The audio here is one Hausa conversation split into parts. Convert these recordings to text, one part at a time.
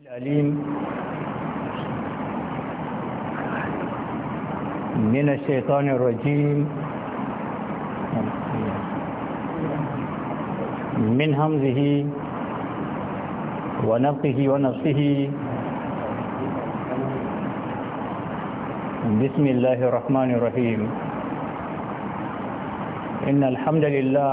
العليم من الشيطان الرجيم من همزه ونفقه ونفسه بسم الله الرحمن الرحيم إن الحمد لله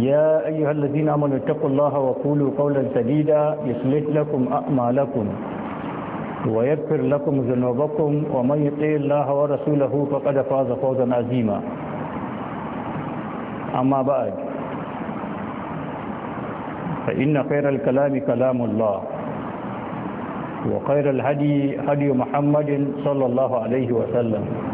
يا أيها الذين آمنوا اتقوا الله وقولوا قولا سديدا يصلح لكم أعمالكم ويغفر لكم ذنوبكم ومن يطع الله ورسوله فقد فاز فوزا عظيما أما بعد فإن خير الكلام كلام الله وخير الهدي هدي محمد صلى الله عليه وسلم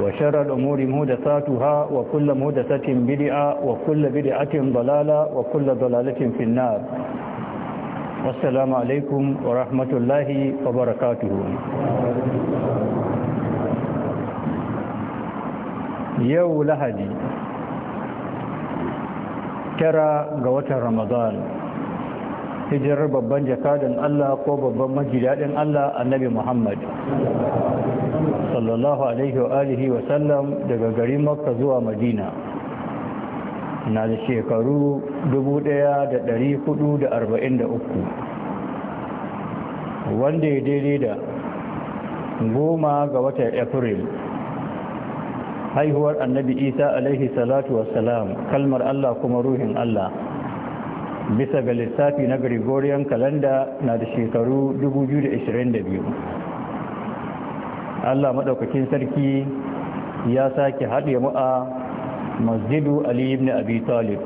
وشر الأمور مهدساتها وكل مهدسة بدعة وكل بدعة ضلالة وكل ضلالة في النار والسلام عليكم ورحمة الله وبركاته يو لهدي ترى قوة رمضان hijirar babban jakadan Allah ko babban majidaɗin Allah annabi Muhammad sallallahu alaihi wa alihi wa sallam daga garin makka zuwa madina na da shekaru 1443 wanda ya daidai da goma ga watan april haihuwar annabi isa alaihi salatu wassalam kalmar allah kuma ruhin allah bisa ga lissafi na gregorian kalanda na da shekaru 2022 Allah maɗaukakin sarki ya sake haɗe mu'a masjidu Ali ibn Abi Talib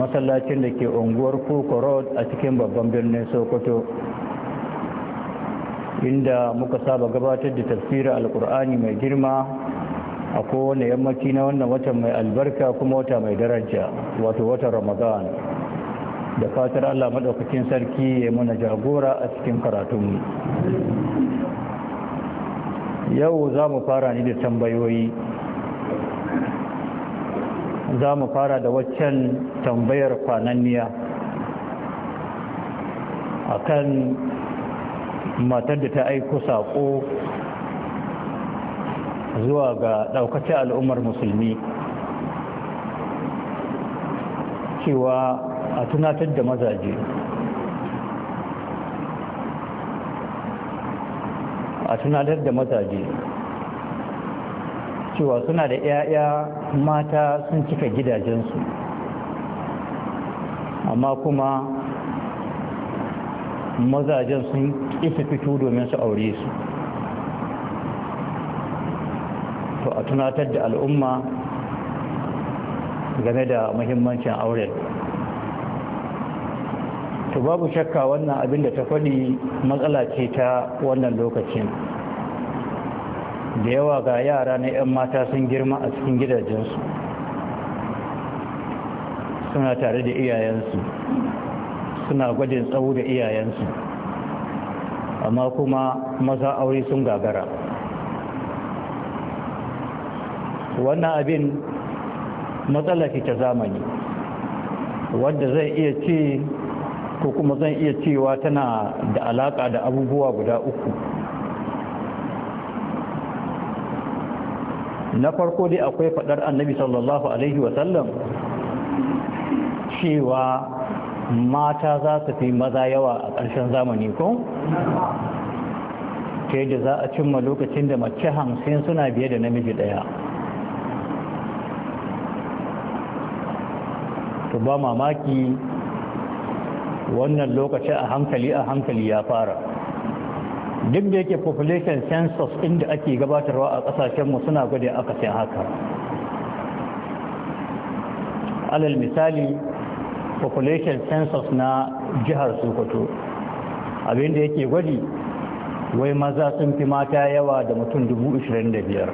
masallacin da ke unguwar Koko Road a cikin babban birnin Sokoto inda muka saba gabatar da tafsirar alkur'ani mai girma a kowane yammaci na wannan watan mai albarka kuma wata mai daraja wato watan Ramadan da fatar Allah maɗaukakin sarki ya muna jagora a cikin karatunmu yau za mu fara ni da tambayoyi za mu fara da waccan tambayar kwananniya a kan matar da ta aiko saƙo zuwa ga ɗaukacin al'ummar musulmi cewa a tunatar da mazaje a tunatar da mazaje cewa suna da 'ya'ya mata sun cika gidajensu amma kuma mazajen sun isa fito domin su aure su to a tunatar da al'umma game da muhimmancin auren to babu shakka wannan abin da ta faɗi matsala ce ta wannan lokacin da yawa ga yara na 'yan mata sun girma a cikin gidajensu suna tare da iyayensu suna gwajin tsawo da iyayensu amma kuma maza aure sun gagara wannan abin matsala ce ta zamani wadda zai iya ce ko kuma zan iya cewa tana da alaƙa da abubuwa guda uku na farko dai akwai faɗar annabi sallallahu alaihi wasallam cewa mata za su fi maza yawa a ƙarshen zamani ko? ta yadda za a cimma lokacin da mace hamsin suna biye da namiji ɗaya to ba mamaki wannan lokaci a hankali a hankali ya fara duk da yake population census inda ake gabatarwa a kasashenmu suna gwada akasin haka alal misali population census na jihar sokoto abinda yake gwadi wai maza sun fi mata yawa da mutum 25,000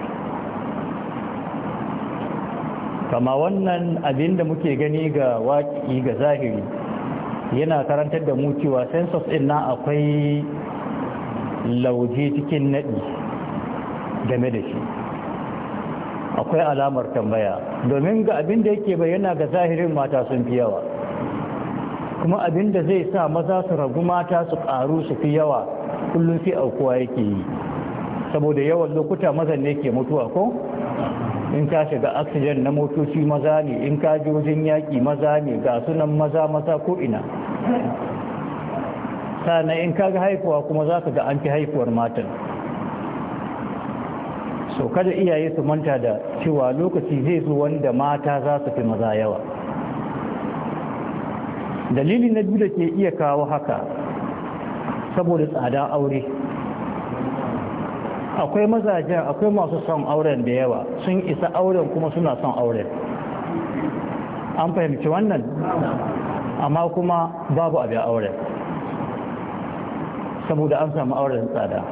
kama wannan abin da muke gani ga waƙi ga zahiri yana karantar da mu cewa census din na akwai lauje cikin nadi game da shi akwai alamar tambaya domin ga abin da yake bayyana ga zahirin mata sun fi yawa kuma abin da zai sa maza su ragu mata su karu su fi yawa kullum sai aukuwa yake yi saboda yawan lokuta mazan ne ke mutuwa ko in ka shiga oxygen na motoci maza ne in ka ji wajen yaƙi maza ne ga sunan maza maza ko ina sana in ka ga haifuwa kuma za ka ga an fi haifuwar matan so kada iyaye su manta da cewa lokaci zai zo wanda mata za su fi maza yawa dalili na biyu da ke iya kawo haka saboda tsada aure akwai mazajen akwai masu son auren da yawa sun isa auren kuma suna son auren an fahimci wannan amma kuma babu abin auren saboda an samu auren tsada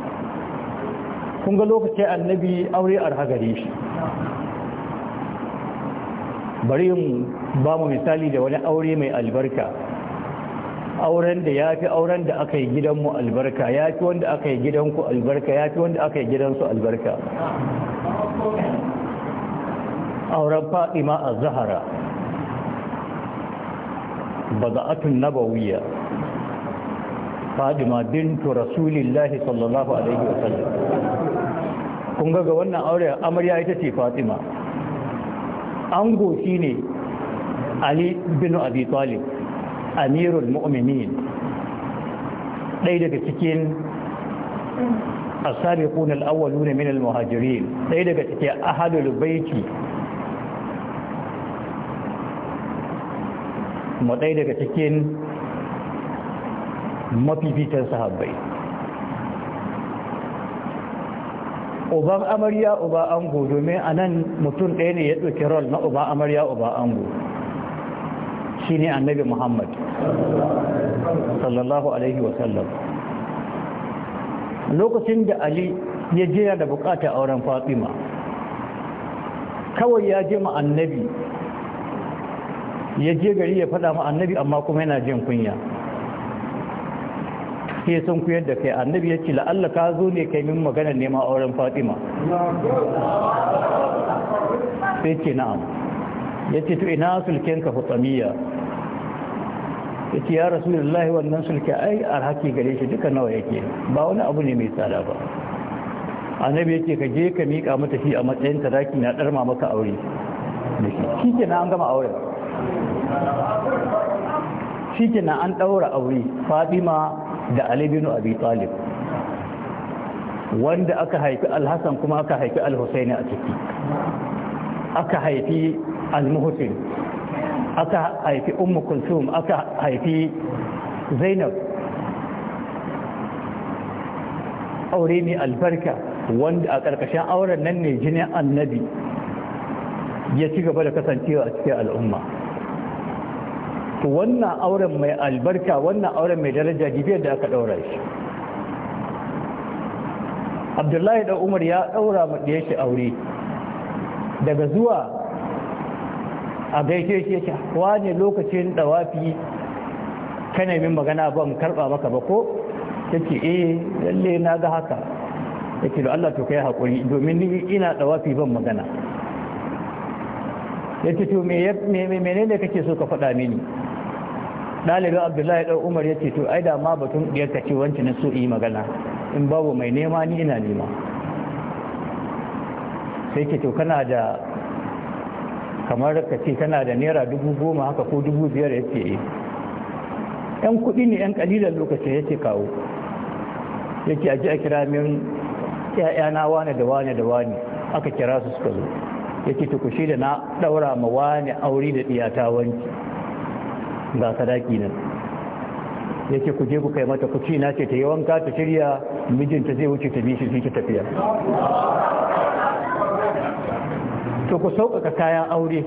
kun ga lokaci annabi aure arha gare shi bari yin ba mu misali da wani aure mai albarka auren da ya fi auren da aka yi gidanmu albarka ya fi wanda aka yi gidanku albarka ya fi wanda aka yi gidansu albarka auren fadima a zahara baza'atun nabawiyya fadima bintu rasulillahi sallallahu alaihi wasallam kun ga wannan aure amarya ita ce fatima ango ne ali bin abi talib amirul mu'minin ɗaya daga cikin asabiqun al-awwaluna min al-muhajirin ɗaya daga cikin ahlul baiti mu ɗaya daga cikin mafifitan sahabbai uban amarya uba ango domin anan mutum ɗaya ne ya ɗauki rol na uba amarya uba ango Shi ne annabi Muhammad sallallahu alaihi wasallam lokacin da Ali ya jira da bukata auren Fatima kawai ya je ma ya je gari ya faɗa ma annabi amma kuma yana jin kunya sai sun kuyar da kai annabi ya ce la'alla ka zo ne kai min magana nema auren fatima sai ce na'am ya ce to ina sulkenka hutsamiya yake ya rasu Allah wannan sulke ai alhaki gare shi duka nawa yake ba wani abu ne mai tsada ba annabi ce ka je ka miƙa mata shi a matsayin ta zaki na ɗarma maka aure da shi shi na an gama aure shi ke na an ɗaura aure fatima da alibinu abi talib wanda aka haifi alhassan kuma aka haifi alhussaini a ciki aka haifi almuhusin aka haifi umu kulsum aka haifi zainab aure mai albarka wanda a ƙarƙashin auren nan ne jinin annabi ya ci gaba da kasancewa a cikin al'umma wannan auren mai albarka wannan auren mai daraja jibiyar da aka ɗaura shi abdullahi da umar ya ɗaura maɗiyar shi aure daga zuwa a gaishe shi yake wani lokacin dawafi kana min magana ban karba maka ba ko yake eh lalle na ga haka yake da Allah to kai hakuri domin ni ina dawafi ban magana yake to me me menene kake so ka faɗa mini dalibi abdullahi dan umar yake to ai da ma batun diyar ce wanci na so yi magana in babu mai nema ni ina nema sai ke to kana da kamar ka ce tana da naira dubu goma haka ko dubu biyar ya ce eh. yan kuɗi ne yan ƙalilan lokacin ya ce kawo ya ce aji a kira min ‘ya'yana wane da wane da wane aka kira su suka zo ya ce tukushi da na ɗaura ma wane aure da ɗiyata wanki ga sadaki nan ya ce ku je ku kai mata kuci na ce ta yi wanka ta shirya mijinta zai wuce ta bishi su ta tafiya to ku sauƙaƙa kayan aure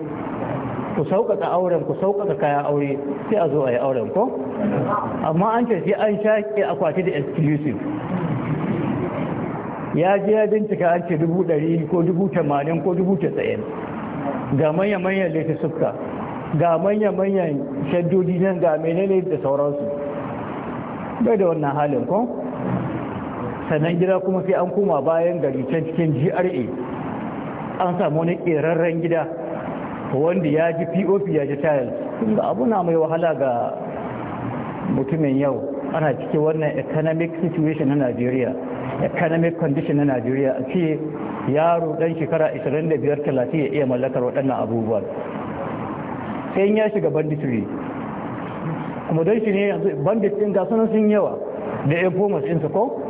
ku sauƙaƙa auren ku sauƙaƙa kayan aure sai a zo a yi auren ko amma an ce sai an shaƙe akwati da exclusive ya je ya bincika an ce dubu ɗari ko dubu tamanin ko dubu tasa'in ga manya-manyan laifin suka ga manya-manyan shaddodi nan ga menene da sauransu bai da wannan halin ko sannan gida kuma sai an koma bayan gari can cikin gra an samu wani ƙerarren gida wanda ya ji pop ya ji tiles inda abu na mai wahala ga mutumin yau ana cikin wannan economic situation na najeriya economic condition na najeriya a ce yaro dan shekara 25-30 ya iya mallakar waɗannan abubuwan sai ya shiga banditry kuma don shi ne yanzu bandit ɗin ga sunan sun yawa da informers ɗinsu ko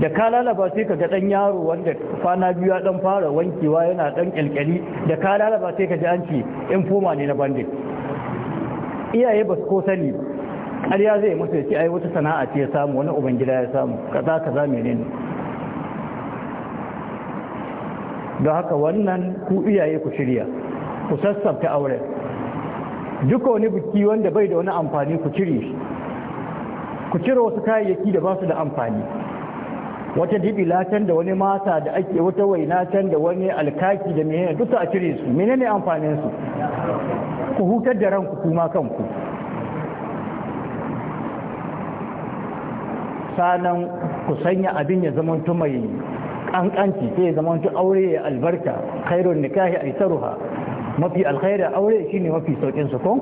da ka lalaba sai ka ga dan yaro wanda kwana biyu ya dan fara wankewa yana dan kyalkyali da ka lalaba sai ka ji an ce in foma ne na bandit iyaye ba su ko sani ƙarya zai musu ya ce ai wata sana'a ce ya samu wani ubangida ya samu kaza kaza menene Da haka wannan ku iyaye ku shirya ku sassafta auren duka wani biki wanda bai da wani amfani ku cire shi ku cire wasu kayayyaki da ba su da amfani wata dibila can da wani mata da ake wata waina can da wani alkaki da menene duka a cire su mene ne amfanin su ku hutar da ranku kuma kanku sanan ku sanya abin ya zamanto mai kankanci sai ya zamanto aure ya albarka khairun nikahi aisaruha mafi alkhairu aure shine mafi saukin su ko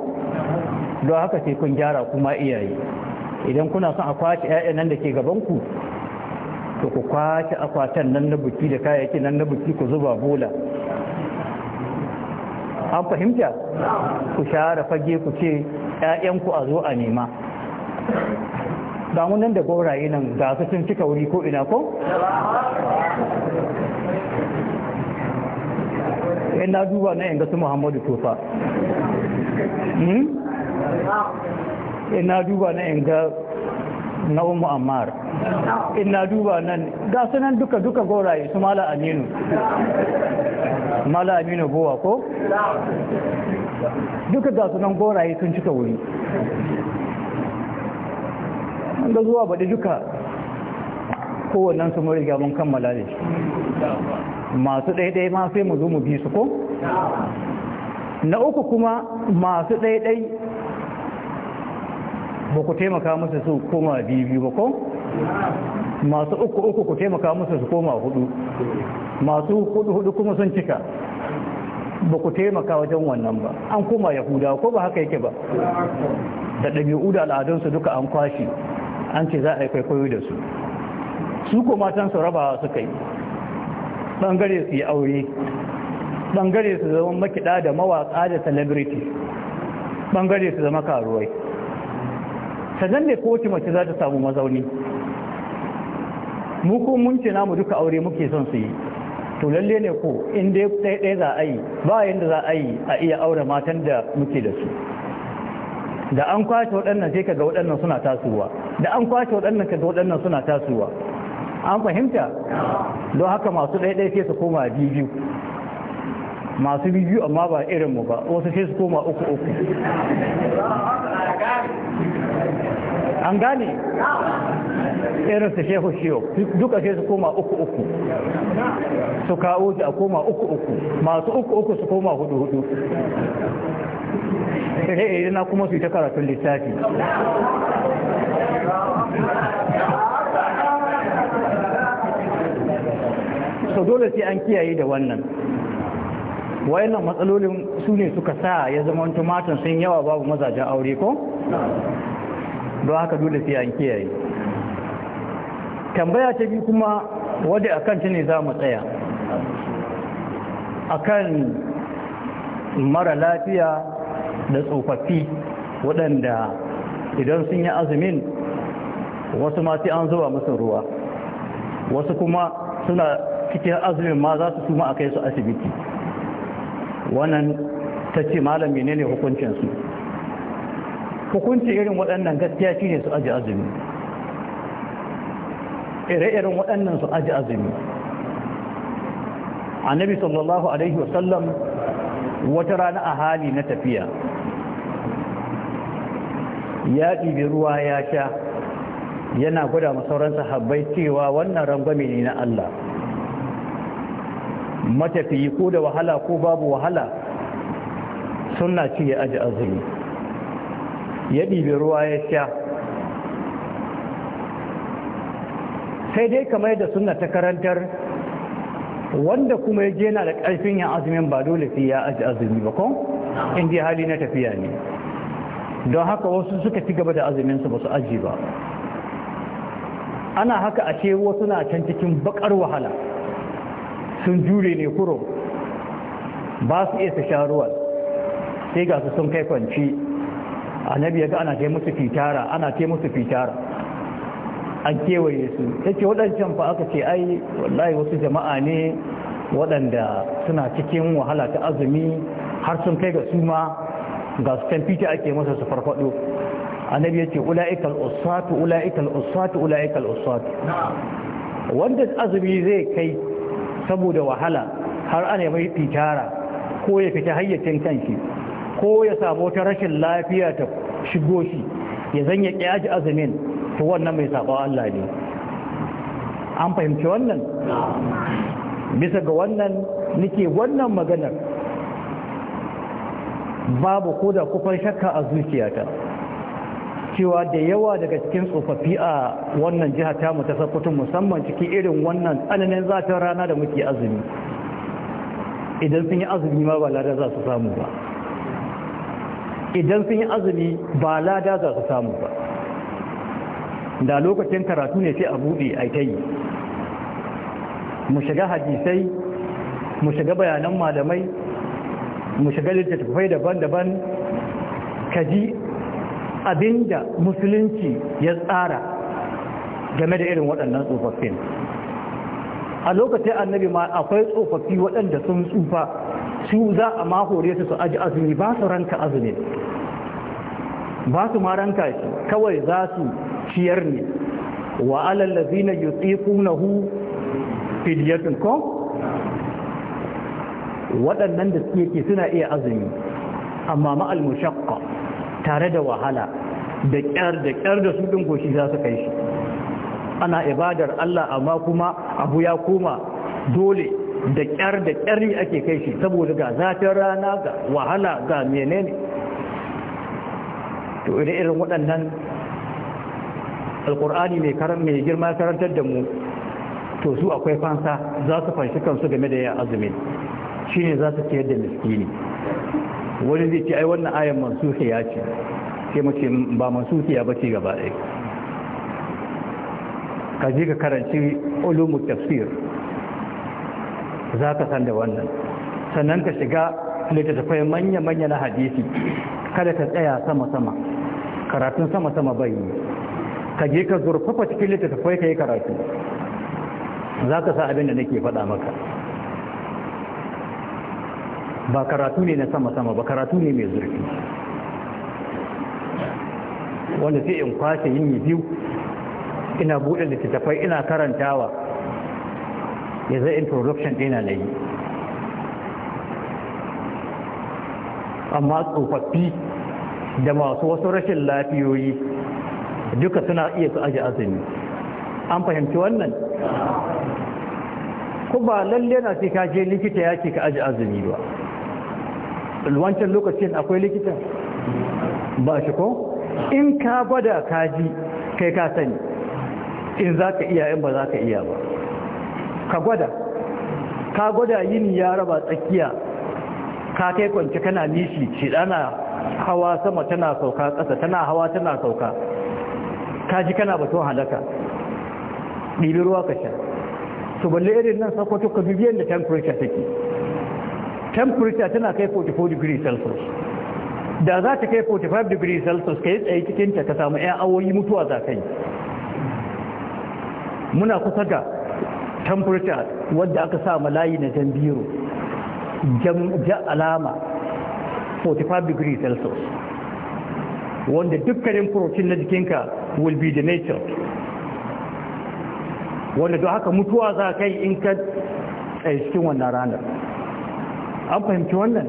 don haka sai kun gyara kuma iyaye idan kuna son a kwace 'ya'yan nan da ke gaban ku to ku kwace akwatan nan na buki da kayayyaki nan na buki ku zuba bola an fahimta ku share fage ku ce 'ya'yanku a zo a nema damu nan da gauraye nan ga su sun cika wuri ko ina ko? na duba na yanga su muhammadu tofa hmm? na duba na yanga na umu ammar ina duba nan ga sunan duka duka goraye su mala aminu mala aminu buwa ko duka ga sunan goraye sun cika wuri da zuwa baɗi duka Kowannan su mori gaban kammala ne masu ɗaiɗai ma sai mu zo mu bi su ko na uku kuma masu ɗaiɗai ba ku taimaka musu su koma biyu ba ko masu uku uku ku taimaka musu su koma hudu masu hudu hudu kuma sun cika ba ku taimaka wajen wannan ba an koma yahuda ko ba haka yake ba da ɗabi'u da al'adunsu duka an kwashi an ce za a yi kwaikwayo da su su ko su rabawa suka yi ɓangare su yi aure ɓangare su zama makiɗa da mawaƙa da celebrity ɓangare su zama karuwai ta nan ne kowace mace za ta samu mazauni mu ko mun ce namu duka aure muke son su yi to lalle ne ko in dai ɗaya za a yi ba yadda za a yi a iya aure matan da muke da su da an kwace waɗannan sai kaga waɗannan suna tasowa da an kwace waɗannan kaga waɗannan suna tasowa an fahimta don haka masu ɗaiɗai sai su koma biyu masu biyu amma ba irinmu ba wasu sai su koma uku uku an gane irin shehu shiyo duka sai su koma uku uku su kawo a koma uku uku masu uku uku su koma hudu hudu sai na kuma su ta karatun lissafi so dole sai an kiyaye da wannan wayannan matsalolin su ne suka sa ya zama tumatan sun yawa babu mazajen aure ko don haka dole sai an kiyaye tambaya ta bi kuma wadda akan ta ne za mu tsaya akan mara lafiya da tsofaffi waɗanda idan sun yi azumin wasu ma an zuwa musu ruwa wasu kuma suna cikin azumin ma za su suma a kai su asibiti wannan ta ce malam menene hukuncinsu hukunci irin waɗannan gaskiya shi ne su aji azumi ire-iren waɗannan su aji azumi annabi sallallahu alaihi wasallam wata rana a hali na tafiya ya ɗibi ruwa ya sha yana gwada masauran sahabbai cewa wannan rangwame ne na Allah matafiyi ko da wahala ko babu wahala suna ci ya aji azumi ya ɗibe ruwa ya sha sai dai kamar da suna ta karantar wanda kuma ya je na da ƙarfin yin azumin ba dole sai ya aji azumi ba ko in hali na tafiya ne don haka wasu suka ci gaba da azumin su ba su aji ba ana haka ashe wasu na can cikin bakar wahala sun jure ne kuro ba su iya su sha ruwan sai ga su sun kai kwanci annabi ya ga ana kai musu fitara ana kai musu fitara an kewaye su yake wadancan waɗancan fa aka ce ai wallahi wasu jama'a ne waɗanda suna cikin wahala ta azumi har sun kai ga su ma ga su kan fita ake masa su farfado annabi ya ce ula'ikal usatu ula'ikal usatu ula'ikal usatu wanda azumi zai kai saboda wahala har ana mai fitara ko ya fita hayyacin kanki ko ya samu ta rashin lafiya ta shigo shi ya zanya ƙyaji azumin to wannan mai saba Allah ne an fahimci wannan bisa ga wannan nike wannan maganar babu ko da kufar shakka a zuciyata cewa da yawa daga cikin tsofaffi a wannan jiha mu ta sakutun musamman cikin irin wannan tsananin zafin rana da muke azumi idan sun yi azumi ma ba lada za su samu ba idan sun yi azumi ba lada za su samu ba da lokacin karatu ne sai a buɗe a ta yi mu shiga hadisai mu shiga bayanan malamai mu shiga littattafai daban-daban ka ji abinda musulunci ya tsara game da irin waɗannan tsofaffin a lokacin annabi ma akwai tsofaffi waɗanda sun tsufa su za a mahore su su aji azumi ba su ranka azumi ba su ma ranka shi kawai za su ciyar ne wa alallazi na hu filiyatun ko waɗannan da suke ke suna iya azumi amma ma'al tare da wahala da ƙyar da ƙyar da su ɗin goshi za su kai shi ana ibadar Allah amma kuma abu ya koma dole da kyar da ƙyari ake kai shi saboda ga zafin rana ga wahala ga menene to idan irin waɗannan alƙur'ani mai karan mai girma karantar da mu to su akwai fansa za su fanshi kansu game da yin azumi ne za su ciyar da miskini wani zai ce ai wannan ayan mansuhiya ce sai mace mm, ba mansuhiya ba ce gaba ɗaya ka je ka karanci ulumul tafsir za ka san da wannan sannan ka shiga littattafai manya-manya na hadisi kada ka tsaya sama-sama karatun sama-sama bai yi ka je ka zurfafa cikin littattafai ka yi karatu za ka sa abin da nake faɗa maka ba karatu ne na sama-sama ba karatu ne mai zurfi wanda sai in kwashe yin biyu ina buɗe littattafai ina karantawa zai introduction ɗina na yi amma tsofaffi da masu wasu rashin lafiyoyi duka suna iya su aji azumi an fahimci wannan ko ba lalle na sai ka je likita ya ce ka aji azumi ba wancan lokacin akwai likita ba shi ko in ka bada kaji kai ka sani in za ka iya in ba za ka iya ba ka gwada ka gwada yini ya raba tsakiya ka kai kwanci kana nishi shi dana hawa sama tana sauka ƙasa tana hawa tana sauka ka ji kana batun halaka ɗibi ruwa ka sha Su balle irin nan sakwato ka dubi da temperature take temperature tana kai 44 degrees celsius da za ta kai 45 degrees celsius ka yi tsaye cikinta ka samu 'yan awoyi mutuwa za ka yi muna kusa ga tamfurta wadda aka sa malayi na jan biro jan alama 45 degrees celsius wanda dukkanin protein na jikinka will be the nature. wanda don haka mutuwa za ka yi in ka tsaye cikin wannan ranar an fahimci wannan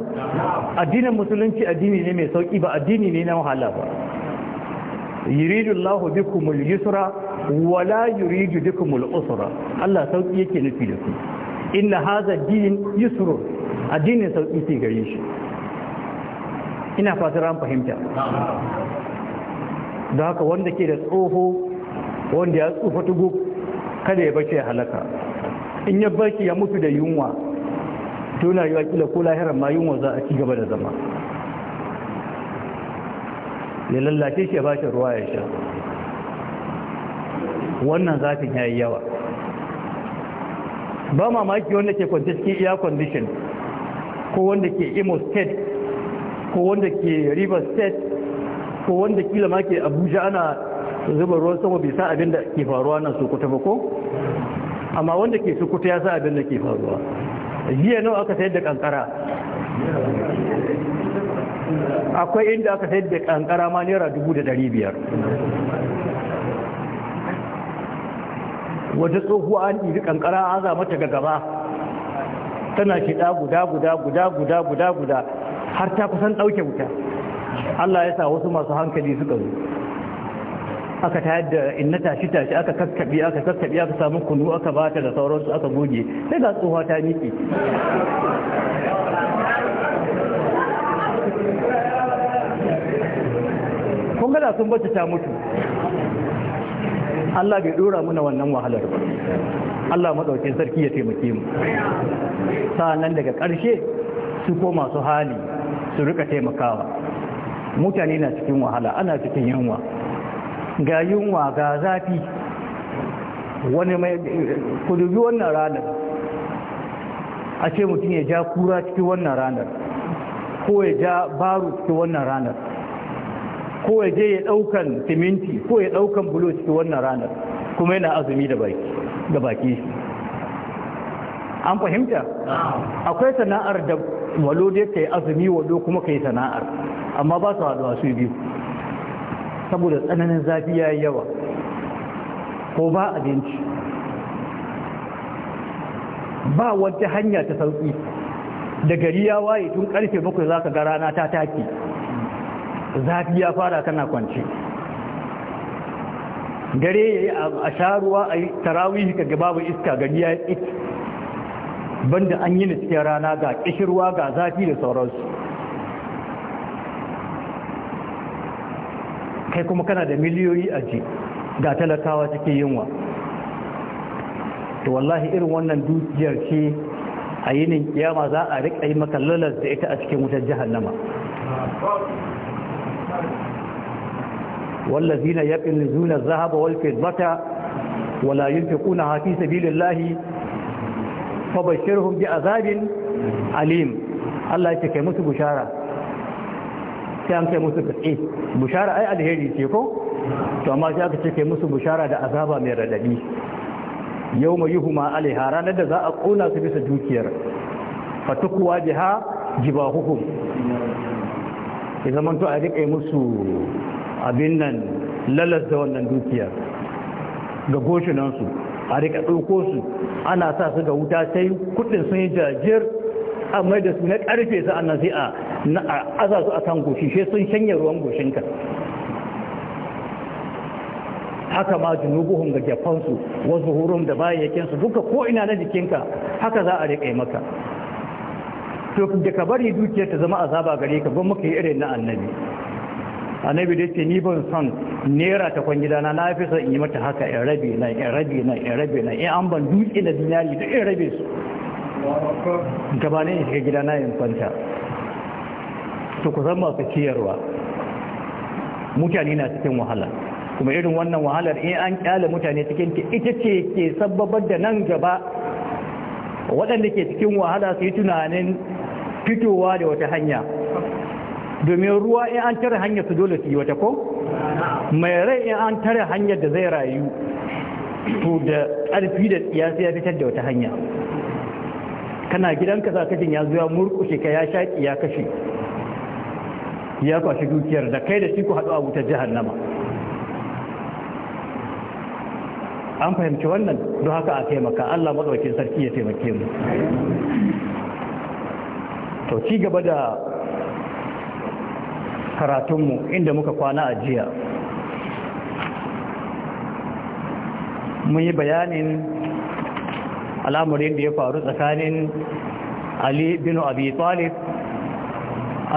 addinin musulunci addini ne mai sauki ba addini ne na wahala ba yuridullahu bikumul yusra wala yuridu al usra Allah sauki yake nufi da ku inna hadha din yusru addinin sauki ke gare shi ina fatar an fahimta da haka wanda ke da tsoho wanda ya tsufa tugu kada ya bace ya halaka in ya bace ya mutu da yunwa tuna yi wakila ko lahiran ma yunwa za a ci gaba da zama ya lallace shi ya bashi ruwa ya sha wannan zafin ya yi yawa ba mamaki wanda ke kwanci cikin air condition ko wanda ke imo state ko wanda ke river state ko wanda kila ma ke abuja ana zuba ruwan sama bai sa abin da ke faruwa nan sokoto ba ko amma wanda ke kuta ya sa abin da ke faruwa jiya nawa aka sayar da kankara akwai inda aka sayar da kankara ma naira dubu da dari biyar wata tsohuwa an iri kankara an za mata ga gaba tana da guda guda guda guda guda guda har ta kusan ɗauke wuta Allah ya sa wasu masu hankali suka zo aka yadda da inna tashi tashi aka kakkabi aka kakkabi aka samu kunu aka bata da sauransu aka goge sai ga tsohuwa ta miƙe kun gada sun bata ta mutu Allah bai dora muna wannan wahalar ba Allah madaukin sarki ya taimake mu nan daga ƙarshe su ko masu hali su rika taimakawa mutane na cikin wahala ana cikin yunwa ga yunwa ga zafi wani mai kudubi wannan ranar a ce mutum ya ja kura cikin wannan ranar ko ya ja baro cikin wannan ranar ko ya je ya ɗaukan siminti ko ya ɗaukan bulo cikin wannan ranar kuma yana azumi da baki an fahimta akwai sana'ar da walo da ka azumi wado kuma ka yi sana'ar amma ba su haɗuwa su biyu saboda tsananin zafi ya yi yawa ko ba abinci ba wata hanya ta sauƙi da gari ya waye tun karfe bakwai za ka ga rana ta take zafi ya fara kana kwanci gare ya yi a sharuwa a yi tarawihi ga babu iska gari ya yi banda an yi cikin rana ga ƙishirwa ga zafi da sauransu kai kuma kana da miliyoyi a ji ga talakawa cikin yunwa to wallahi irin wannan dukiyar ce a yinin kiyama za a riƙa yi da ita a cikin wutar nama. والذين يقلزون الذهب والفضة ولا ينفقونها في سبيل الله فبشرهم بعذاب أليم الله يتكي مسو بشارة كان كي مسو كتئي بشارة أي الهيري تيكو فما جاك تكي مسو بشارة دا أذابا من ردبي يوم يهما عليها رانا دا ذا أقونا سبس دوكير فتقوى بها جباههم إذا من تؤدك أي مسو abin nan lalasta wannan dukiyar ga goshinansu a rika ɗauko su ana sa su ga wuta sai kudin sun yi jajir a mai da su na ƙarfe an sai a aza su a kan goshi sai sun shanye ruwan goshinka haka ma buhun ga jafansu wasu hurum da su duka ko ina na jikinka haka za a riƙa maka to da ka bari dukiyar ta zama azaba gare ka ban muka yi irin na annabi annabi da ce ni ban son naira ta kwan gidana na fi son in yi mata haka in rabe na in rabe na in rabe na in an ban dutse na dinari da in rabe su gabanin shiga gidana in kwanta to ku san masu ciyarwa mutane na cikin wahala kuma irin wannan wahalar in an kyale mutane cikin ita ce ke sababar da nan gaba waɗanda ke cikin wahala su yi tunanin fitowa da wata hanya domin ruwa in an tare hanyar su dole su yi wata ko mai rai in an tare hanyar da zai rayu to da ƙarfi da ya sai ya fitar da wata hanya kana gidanka za kashin ya zuwa murkushe ka ya shaƙi ya kashe ya kwashe dukiyar da kai da shi ku haɗu a wutar jahannama an fahimci wannan don haka a taimaka Allah maɗaukin sarki ya taimake mu to ci gaba da karatunmu inda muka kwana a jiya mun yi bayanin al'amurin da ya faru tsakanin ali bin abi talib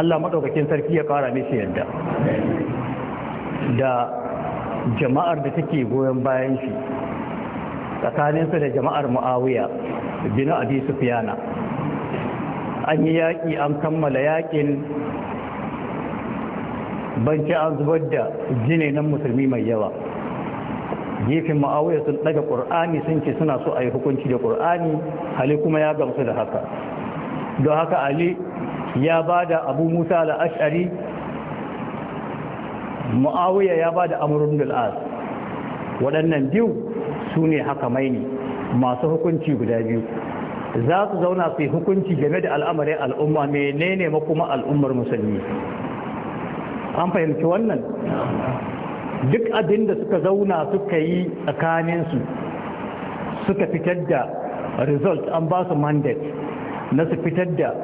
allah maɗaukakin sarki ya ƙara mishi yadda da jama'ar da take goyon bayan shi tsakaninsu da jama'ar mu'awiya bin abi sufiyana an yi yaƙi an kammala yaƙin ban an zubar da jine nan musulmi mai yawa gefen ma'awuyar sun daga ƙur'ani sun ce suna so a yi hukunci da ƙur'ani hali kuma ya gamsu da haka don haka ali ya ba da abu musa al'ashari ma'awuyar ya ba da amurin Dal'ad waɗannan biyu su ne haka mai masu hukunci guda biyu za su zauna su yi hukunci game da al'amarin al'umma menene makuma al'ummar musulmi an fahimci wannan duk abin da suka zauna suka yi tsakaninsu suka fitar da result an ba su mandate na su fitar da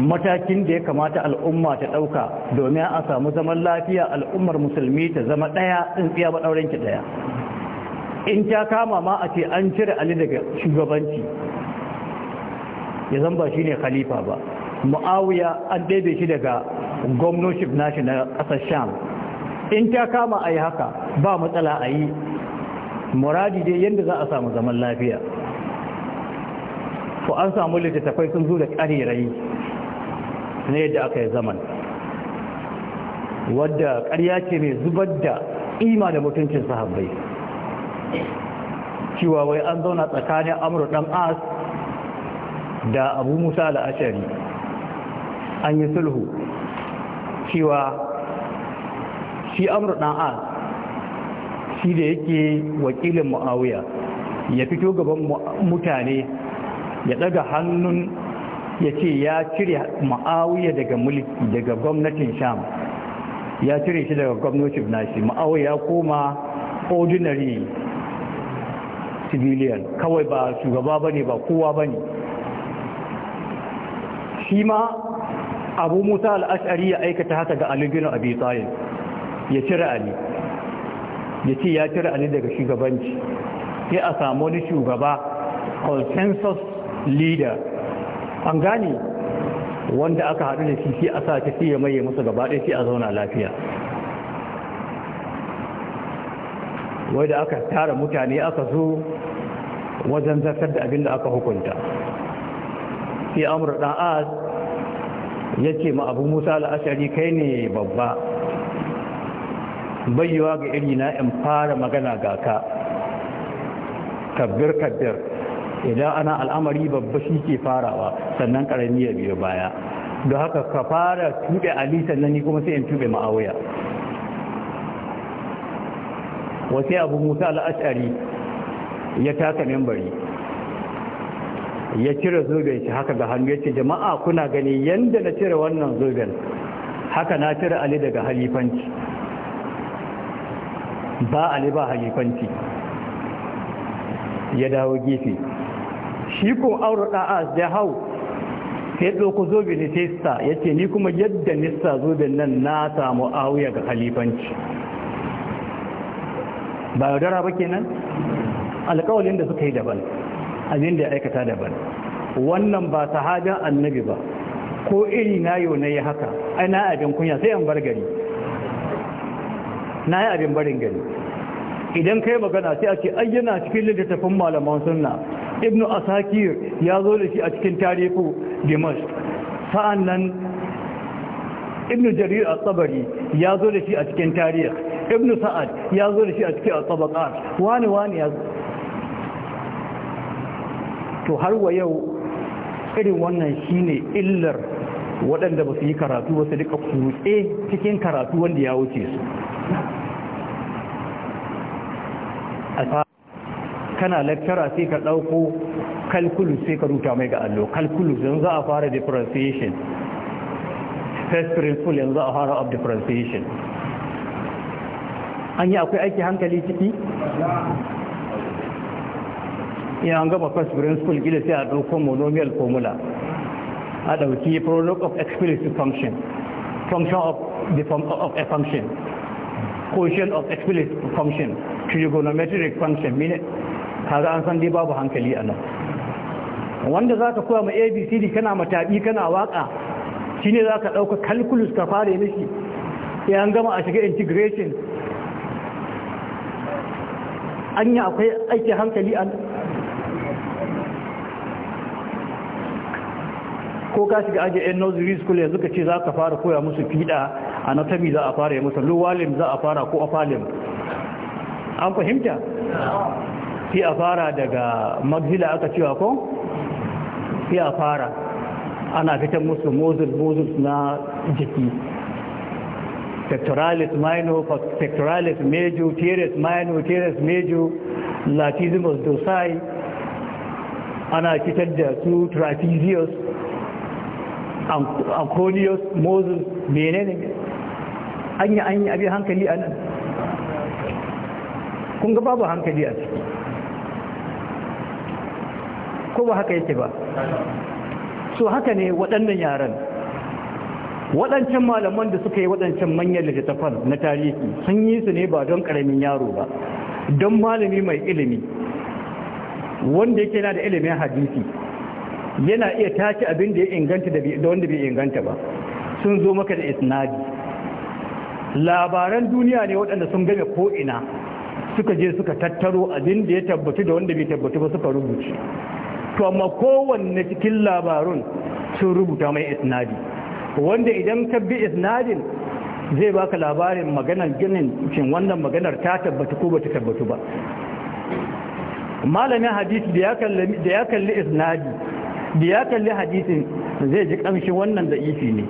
matakin da ya kamata al'umma ta ɗauka domin a samu zaman lafiya al'ummar musulmi ta zama ɗaya tsintsiya ba ɗaurinki ɗaya in ta kama ma a ce an cire ali daga shugabanci ya zan ba shi ne khalifa ba mu'awiya an ɗebe shi daga gwamnoship nashi na ƙasar sham in ta kama a haka ba matsala a yi muradi dai yadda za a samu zaman lafiya ko an samu littattafai sun zo da ƙarirai na yadda aka yi zaman wadda ƙarya ce mai zubar da ima da mutuncin sahabbai cewa wai an zauna tsakanin amur ɗan as da abu musa da an yi sulhu cewa shi amur dan shi da yake wakilin ma'awiya ya fito gaban mutane ya ɗaga hannun ya ce ya cire ma'awiya daga mulki daga gwamnatin sham ya cire shi daga gwamnatin nashi ma'awiya ya koma ordinary civilian kawai ba shugaba ba ne ba kowa ba ne shi ma abu musa al'ashari ya aikata haka ga alibinu abi tsayin ya cire ali ya ce ya cire ali daga shugabanci sai a samu wani shugaba consensus leader an gane wanda aka haɗu da shi sai a sa ta ya maye musu gaba ɗaya sai a zauna lafiya wai da aka tara mutane aka zo wajen zartar da abin da aka hukunta sai amur ɗan'az ya ce ma abu musa al'ashari kai ne babba bayyawa ga irina in fara magana ga ka kabbir kabbir idan ana al'amari babba shi ke farawa sannan karami ya biyo baya da haka ka fara tuɓe ali sannan ni kuma sai in tuɓe ma'awuya wasai abu musa al'ashari ya taka membari ya cire zoben shi haka ga hannu yace jama'a kuna gani yanda na cire wannan zoben haka na cire ali daga halifanci ba ali ba halifanci ya dawo gefe shi ko aure da'as da hau sai ɗauko zobe ne sai sa ya ce ni kuma yadda nista zoben nan na samu auya ga halifanci ba yaudara ba kenan alkawalin da suka yi daban abin da ya aikata daban wannan ba hajjan annabi ba ko iri na yau na yi haka ai na abin kunya sai an bar gari na yi abin barin gari idan kai magana sai a ce ai yana cikin littattafin malaman sunna ibnu asakir ya zo da shi a cikin tarihu dimash sa'an nan ibnu jarir al-tabari ya zo da shi a cikin tarihi ibnu sa'ad ya zo da shi a cikin al-tabaqat wani wani ya zo to har wa yau irin wannan shi ne illar waɗanda ba su yi karatu ba su duka kutse cikin karatu wanda ya wuce su kana lecturer sai ka ɗauko calculus sai ka ruta mai ga allo calculus yanzu a fara differentiation first principle yanzu a fara of differentiation an yi akwai aiki hankali ciki ya an gaba first principle gida sai a ɗauko monomial formula a ɗauki product of explicit function function of the form of a function quotient of explicit function trigonometric function mine kaga an san dai babu hankali a nan wanda za ka koya ma abcd kana matabi kana waka shine za ka ɗauka calculus ka fara mishi sai an gama a shiga integration an yi akwai aiki hankali a nan ko ka shiga aje yan nursery school yanzu ka ce za ka fara koya musu fiɗa anatomy za a fara ya musu luwalim za a fara ko afalim an fahimta fi a fara daga magzila aka cewa ko fi a fara ana fitan musu mozul-mozul na jiki pectoralis minor pectoralis major teres minor teres major latissimus dorsi ana fitar da su trapezius ankoniyos moses menene an yi an yi abin hankali a nan kun ga babu hankali a ciki ko ba haka yake ba so haka ne waɗannan yaran waɗancan malaman da suka yi waɗancan manyan littattafan na tarihi sun yi su ne ba don ƙaramin yaro ba don malami mai ilimi wanda yake na da ilimin hadisi yana iya tashi abin da ya inganta da wanda bai inganta ba sun zo maka da isnadi labaran duniya ne waɗanda sun game ko'ina suka je suka tattaro abin da ya tabbatu da wanda bai tabbatu ba suka rubuce to amma kowanne cikin labarun sun rubuta mai isnadi wanda idan ka bi isnadin zai baka labarin maganar ginin cin wannan maganar ta tabbatu ko bata tabbatu ba malamin hadisi da ya kalli isnadi da ya kalli hadisin zai ji kamshin wannan da ifi ne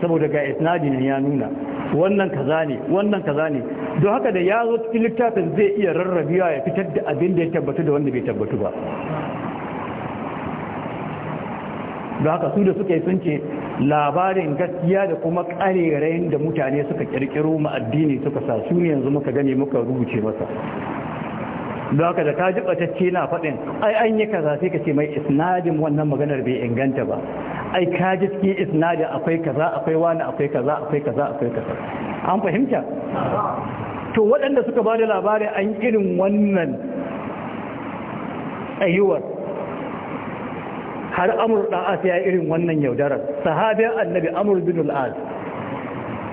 saboda ga isnadin ya nuna wannan kaza ne wannan kaza ne don haka da ya zo cikin littafin zai iya rarrabewa ya fitar da abin da ya tabbatu da wanda bai tabbatu ba don haka su da suka yi sun labarin gaskiya da kuma karerayen da mutane suka kirkiro ma addini suka sa su ne yanzu muka gane muka rubuce masa don haka da ka ji batacce na faɗin ai an yi kaza sai ka ce mai isnadin wannan maganar bai inganta ba ai ka ji cikin isnadin akwai kaza akwai wani akwai kaza akwai kaza akwai kaza an fahimta to waɗanda suka ba da labarin an irin wannan ayyuwar har amur ɗan'as ya irin wannan yaudarar sahabiyar annabi amur bin al'ad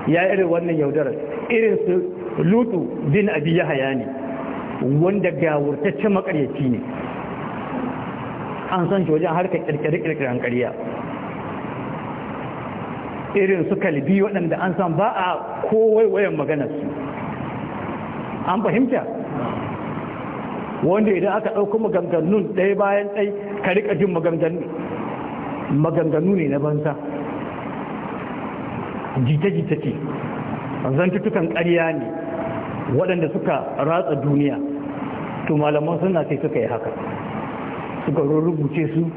ya irin wannan yaudarar irin su lutu bin abi yahaya ne wanda gawurtacce makaryaci ne an san shi wajen harkar kirkire-kirkiren ƙarya irin su kalbi waɗanda an san ba a wayan maganarsu an fahimta wanda idan aka ɗauko maganganun ɗaya bayan ɗai ka riƙa jin maganganu ne na banza jita-jita ce tutukan ƙarya ne waɗanda suka ratsa duniya to malaman suna sai suka yi haka suka rubuce su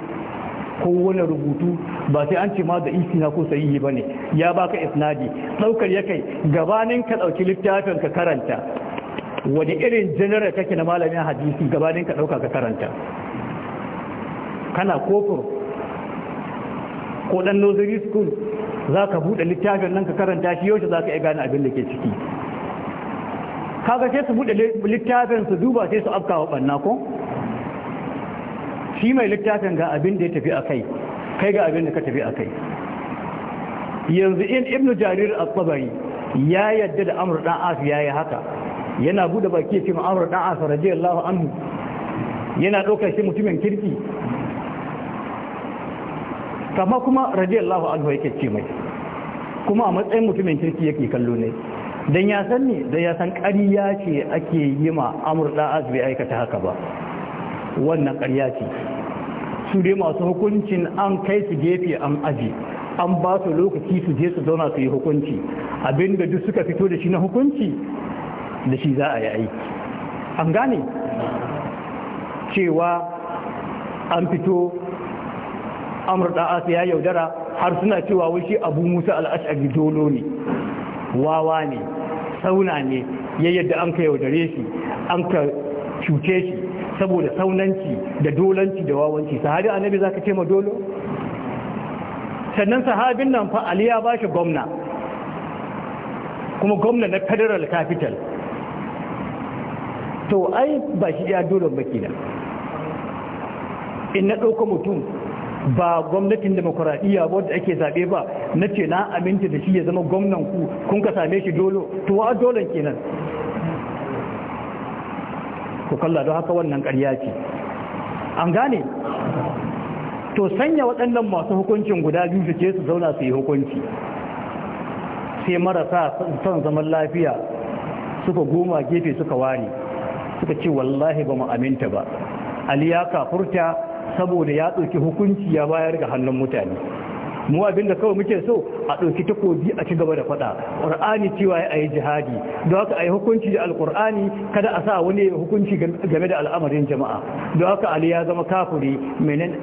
kowane rubutu ba sai an ce ma da isina ko ba bane ya baka isnadi ɗaukar ya kai gabanin ka dauki littafin ka karanta wani irin general kake na malamin hadisi gabanin ka dauka ka karanta kana kofur ko ɗan nursery school zaka buɗe littafin nan ka karanta shi yau zaka iya gane abin da ke ciki kaga sai su buɗe littafin su duba sai su afka wa ɓanna ko shi mai littafin ga abin da ya tafi a kai kai ga abin da ka tafi a kai yanzu in ibnu jarir al-tabari ya yadda da amr dan ya yayi haka yana bude baki cewa amr dan Asu, radiyallahu anhu yana daukar shi mutumin kirki kama kuma radiyallahu anhu yake ce mai kuma a matsayin mutumin kirki yake kallo ne don ya san ne don ya san ƙarya ce ake yi ma amurda asibi aikata haka ba wannan ƙarya ce su dai masu hukuncin an kai su gefe an aji an ba su lokaci su je su zauna su yi hukunci abinda duk suka fito da shi na hukunci da shi za a yi aiki an gane cewa an fito amurda asibi ya yaudara har suna cewa wai shi abu musa al'ashari dolo ne wawa ne sauna ne ya yadda an ka yaudare shi an ka cuce shi saboda saunanci da dolanci da wawanci sahabi annabi zaka ce ma dolo sannan sahabin nan fa ali ya bashi gwamna kuma gwamna na federal capital to ai ba shi ya dole baki in na ɗauka mutum ba gwamnatin demokuraɗiyya wadda ake zaɓe ba na ce na aminta da shi ya zama gwamnan ku kun ka same shi dolo tuwa dolan kenan ku kalla don haka wannan ƙarya ce an gane to sanya waɗannan masu hukuncin guda biyu su ce su zauna su yi hukunci sai marasa son zaman lafiya suka goma gefe suka ware suka ce wallahi ba mu aminta ba ali ya kafurta saboda ya ɗauki hukunci ya bayar ga hannun mutane mu abinda kawai muke so a ɗauki takobi a ci gaba da faɗa ƙur'ani cewa ya yi jihadi don haka a yi hukunci da alƙur'ani kada a sa wani hukunci game da al'amarin jama'a don haka ali ya zama kafuri menen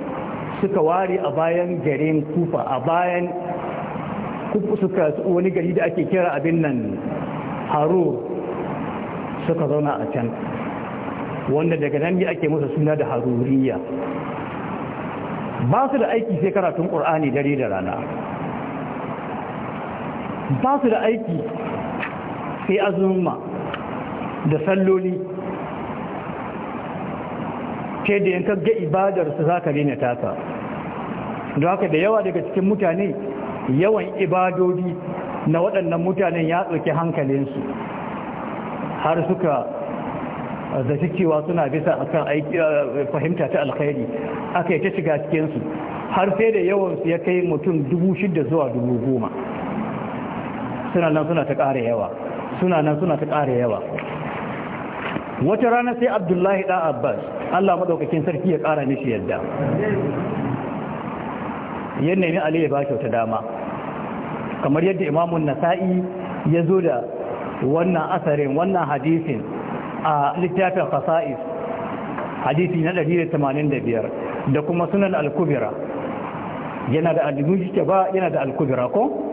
suka ware a bayan garin kufa a bayan suka wani gari da ake kira abin nan haro suka zauna a can wanda daga nan ne ake masa suna da haruriya ba su da aiki sai karatun ƙur'ani dare da rana ba su da aiki sai azumma da salloli ke da yanka ga ibadarsu za ka rena tasa da haka da yawa daga cikin mutane yawan ibadodi na waɗannan mutanen ya ɗauki hankalinsu har suka zaci cewa suna bisa a kan eh, fahimta ta alkhairi aka yi ta shiga cikinsu. har sai da yawan su ya kai mutum dubu shida zuwa dubu goma suna nan suna ta ƙara yawa suna nan suna ta ƙara yawa wata rana sai abdullahi ɗan abbas allah maɗaukakin sarki ya ƙara mishi yadda ya nemi ali ba kyauta dama kamar yadda imamun nasa'i ya zo da wannan asarin wannan hadisin a littafin fasa'is hadisi na 185 da kuma sunan al-kubira yana da al-mujta ba yana da al-kubira ko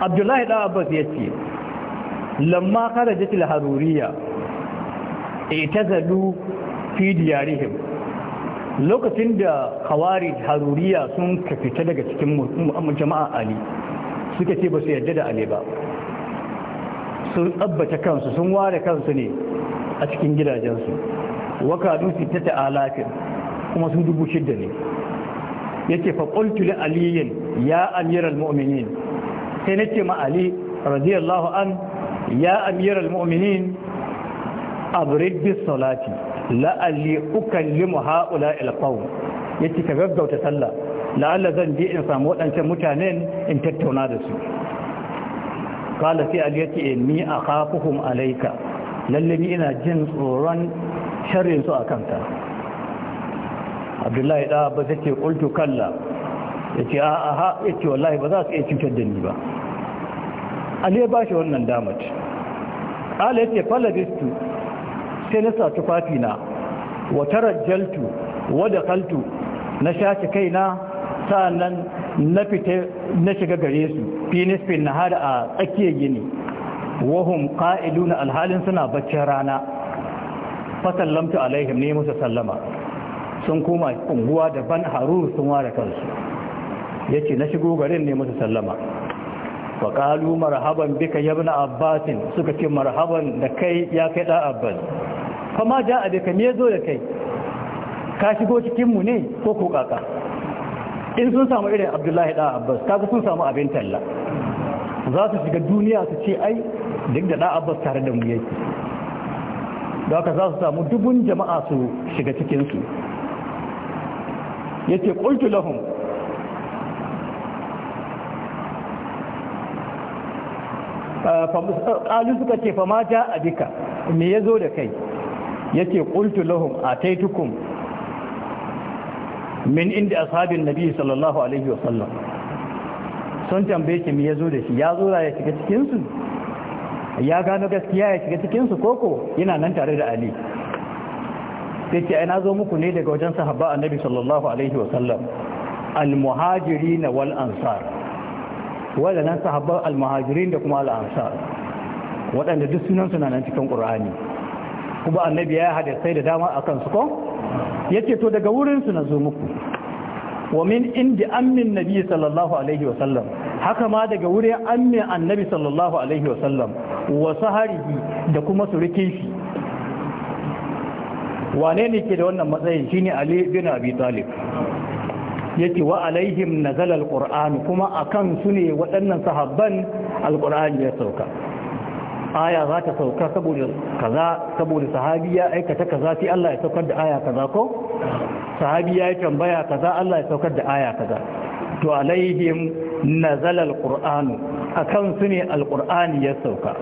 Abdullahi da Abbas ce lamma kharajat a ta zalu fi diyarihim lokacin da kawari haruriya sun fita daga cikin jama'a Ali suka ce ba su yarda da Ali ba sun tsabbace kansu sun ware kansu ne a cikin gidajensu waka dusi ta ta'alafin kuma sun dubu shidda ne yake faƙultu li aliyin ya amiral mu'minin sai na ma ali radiyallahu an ya amiral mu'minin a bis salati la'alli ukallimu ha'ula Ya ce ka gaggauta sallah la'alla zan je in samu waɗancan mutanen in tattauna da su kala sai ali yace ni akhafuhum alayka lalle ni ina jin tsoron sharrin su akan ka abdullahi da ba take qultu kalla yace a a yace wallahi ba za su iya cutar da ni ba ali ba shi wannan damat, kala yace falabistu sai na sa tufafi na wa tarajjaltu wa dakaltu na shaki kaina sa'annan na fita na shiga gare su finispin na hada a tsakiyar gini wahum na alhalin suna baccin rana fasallamtu alaihim ne musu sallama sun koma unguwa daban haruru sun ware kansu ya ce na shigo garin ne musu sallama wa ƙalu marhaban bika yabna abbasin suka ce marhaban da kai ya kai ɗan abbas fama ja a bika me zo da kai ka shigo cikinmu ne ko ko kaka in sun samu irin abdullahi da abbas kaga sun samu abin talla za su shiga duniya su ce ai duk da abbas tare da mu yake da za su samu dubun jama'a su shiga cikinsu ya ce ƙultu lahum ƙalu suka ce fama ja a bika me ya zo da kai ya ce ƙultu lahum a taitukun min inda ashabin nabi sallallahu alaihi sallam sun tambaye shi me yazo da shi ya zo ya shiga cikin su ya gano gaskiya ya shiga cikin su koko yana nan tare da ali sai ce ai nazo zo muku ne daga wajen sahaba annabi sallallahu alaihi sallam al-muhajirin wal ansar nan sahabban al-muhajirin da kuma al-ansar waɗanda duk sunan suna nan cikin qur'ani kuma annabi ya hadisai da dama akan su ko yake to daga wurinsu na zo muku wa min indi ammin nabi sallallahu alaihi wa sallam haka ma daga wurin ammin annabi sallallahu alaihi wa sallam wa saharihi da kuma surukin shi wane ne ke da wannan matsayin shine ali bin abi talib yake wa alaihim nazala alquran kuma akan su ne waɗannan sahabban alquran ya sauka aya za ta sauka saboda kaza saboda sahabi ya aikata kaza sai Allah ya saukar da aya kaza ko sahabi ya tambaya kaza Allah ya saukar da aya kaza to alaihim nazala alquran akan su ne alqur'ani ya sauka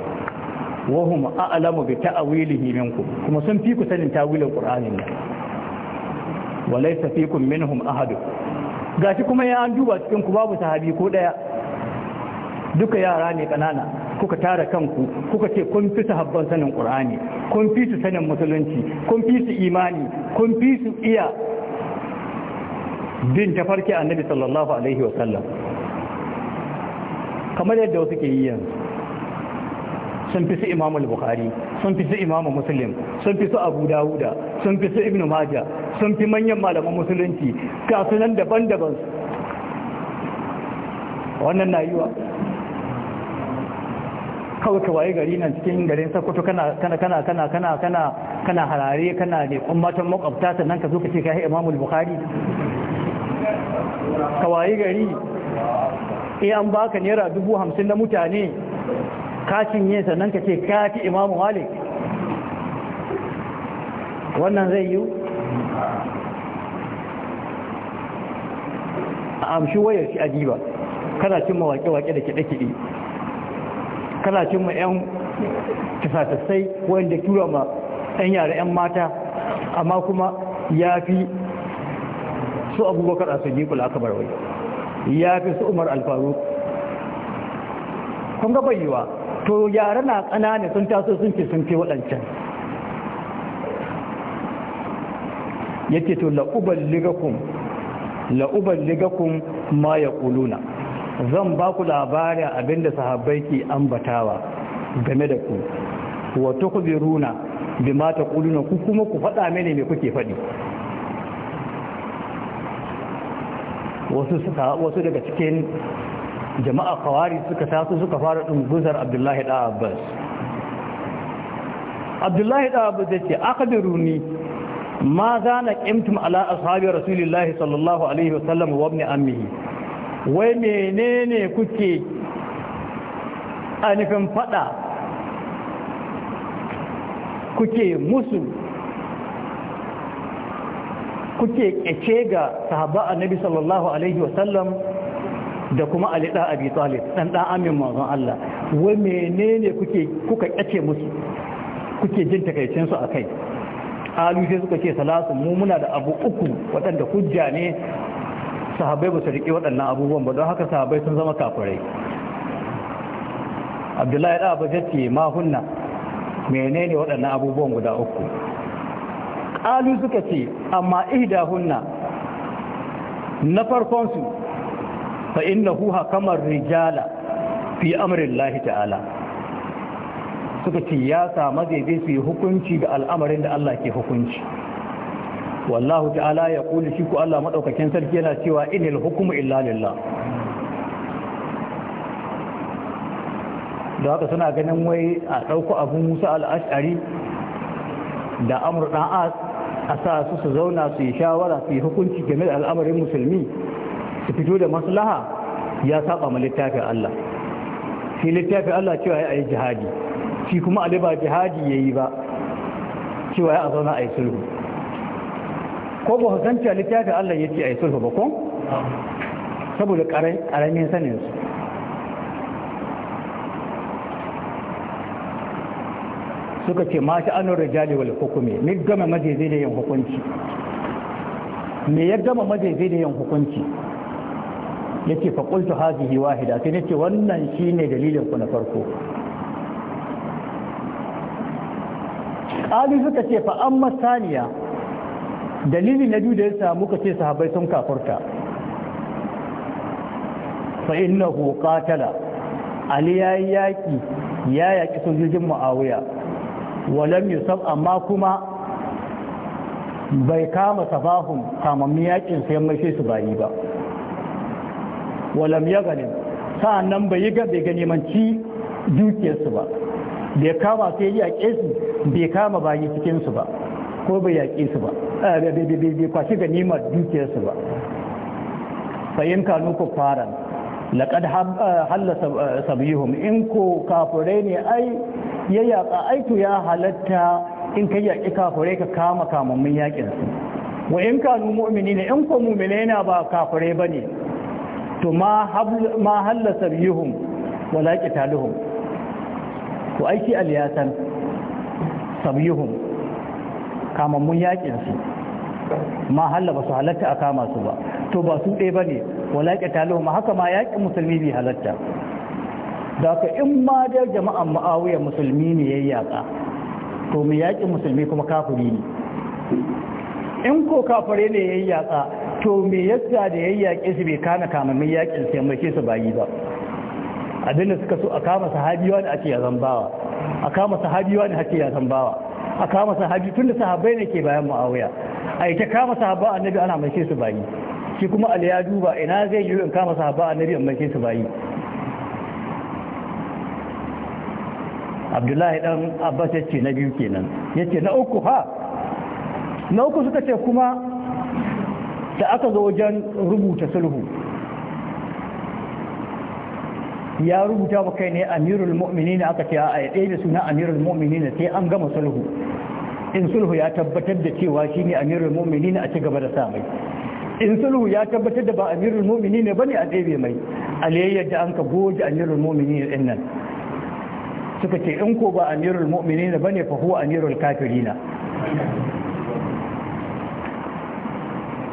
wa hum a'lamu bi ta'wilihi minkum kuma sun fi ku sanin tawilin qur'anin nan laysa fiikum minhum ahad gashi kuma ya an duba cikin ku babu sahabi ko daya duka yara ne kanana kuka tara kanku kuka ce kun fi sahabban sanin qur'ani kun fi su sanin musulunci kun fi su imani kun fi su iya ta farki annabi sallallahu alaihi wa sallam kamar yadda wasu ke yi yanzu sun fi su imamul bukhari sun fi su imamu muslim sun fi su abu dawuda sun fi su ibnu maja sun fi manyan malaman musulunci kasunan daban-daban wannan na yiwa kawai ka waye gari nan cikin garin sakoto kana kana kana kana kana kana harare kana ne ummatan makwabta sannan ka zo ka ce ka yi imamul bukhari ka gari eh an baka naira dubu hamsin na mutane ka cinye sannan ka ce ka ta imamu malik wannan zai yi a amshi wayar shi ajiba kana cin mawaƙe-waƙe da kiɗe-kiɗe kana cin ma 'yan tafasassai wanda tura ma 'yan yare 'yan mata amma kuma ya fi su abubakar a sadiqul akabar wai ya fi su umar alfaru kun ga bayyawa to yare na ƙanane sun taso sun ce sun fi waɗancan yake to la'uban ligakun ma ya ƙuluna zan ba ku labarin abinda sahabbai ke ambatawa game da ku wa tukbiruna bima kuluna ku kuma ku faɗa mene me kuke faɗi wasu daga cikin jama'a kawari suka taso suka fara dunguzar Abdullahi da Abbas Abdullahi da Abbas bi akhbiruni ma za na qimtum ala ashabi rasulillahi sallallahu alaihi wasallam wa ibn ammihi wai menene kuke nufin fada kuke musu kuke kyace ga sahaba annabi sallallahu alaihi wasallam da kuma alida abi talib dan dan amin manzon Allah wai menene kuke kuka kyace musu kuke jin takaicin su akai alu sai suka ce salasu mu muna da abu uku waɗanda hujja ne sahabbai ba su riƙe waɗannan abubuwan ba don haka sahabbai sun zama kafirai abdullahi da abuja ce ma hunna menene waɗannan abubuwan guda uku ƙalu suka ce amma ihda hunna na farkonsu fa inna huha kamar rijala fi amrin lahi ta'ala suka ce ya sami zai su yi hukunci ga al'amarin da Allah ke hukunci wallahu ta'ala ya kuli shi ku Allah madaukakin sarki yana cewa inil hukmu illa lillah da haka suna ganin wai a ɗauko abin musa al'ashari da amur ɗan a sa su su zauna su yi shawara su yi hukunci game da al'amarin musulmi su fito da maslaha ya saba ma littafin Allah shi littafin Allah cewa ya yi jihadi shi kuma ali ba jihadi ya yi ba cewa ya a zauna a yi sulhu ko ba ka cewa littafin Allah ya ce a yi sulhu ba ko saboda ƙaramin sanin su suka ce ma ta da rijali wal hukumi ni gama mazaizai da yin hukunci me ya gama mazaizai da yin hukunci yace fa qultu hadhihi wahida sai nace wannan shine dalilin ku na farko Ali suka ce fa amma saniya dalili na biyu da ya samu ka ce sahabbai sun kafurta fa innahu qatala ali yi yaki ya yaki jirgin muawiya walam yusab amma kuma bai kama safahun kamammi yakin sai mai su bayi ba walam ya ganin sa'annan bai yi bai ga nemanci dukiyarsu ba bai kama sai yi a bai kama bayi cikinsu ba ko bai yaƙe su ba eh, bai kwashi ganimar dukiyarsu ba fayin kanu ku fara laƙad eh, halla eh, sabihum in ko kafurai ne ai ya yaƙa aitu ya halatta in ka yaƙi kafurai ka kama kamammin su. wa in kanu mu'mini ne in ko mu'mini na ba kafurai ba ne to ma halla sabihum wala ƙitaluhum ku aiki aliyatan sabihum kamammun yaƙinsu ma halla ba su halatta a kama su ba to ba su ɗaya ba ne walaƙe talo ma haka ma yaƙin musulmi bai halatta da ka in ma da jama'an ma'awuyar musulmi ne ya yaƙa to mai yaƙin musulmi kuma kafiri ne in ko kafare ne ya yaƙa to mai yasa da ya yaƙe su bai kana kamammin yaƙin su ya ke su bayi ba abinda suka so a kama sahabiwa ne ake yazan bawa a kama sahabiwa ne ake yazan bawa a kama sahabi tun da sahabai ne ke bayan muawiya a yi ta kama sahabba annabi ana mai su bayi shi kuma ali ya duba ina zai yi in kama sahabba annabi a mai su bayi abdullahi dan abbas ya ce na biyu kenan ya ce na uku ha na uku suka ce kuma da aka zo wajen rubuta sulhu ya rubuta ba kai ne amirul ne aka ce a ya da suna amirul ne sai an gama sulhu in sulhu ya tabbatar da cewa shi ne amirul ne a ci gaba da sa mai in sulhu ya tabbatar da ba amirul mu'minin ba ne a ɗebe mai alayyar da an ka goji amirul mu'minin ɗin nan suka ce in ko ba amirul mu'minin ba ne fa huwa amirul kafirina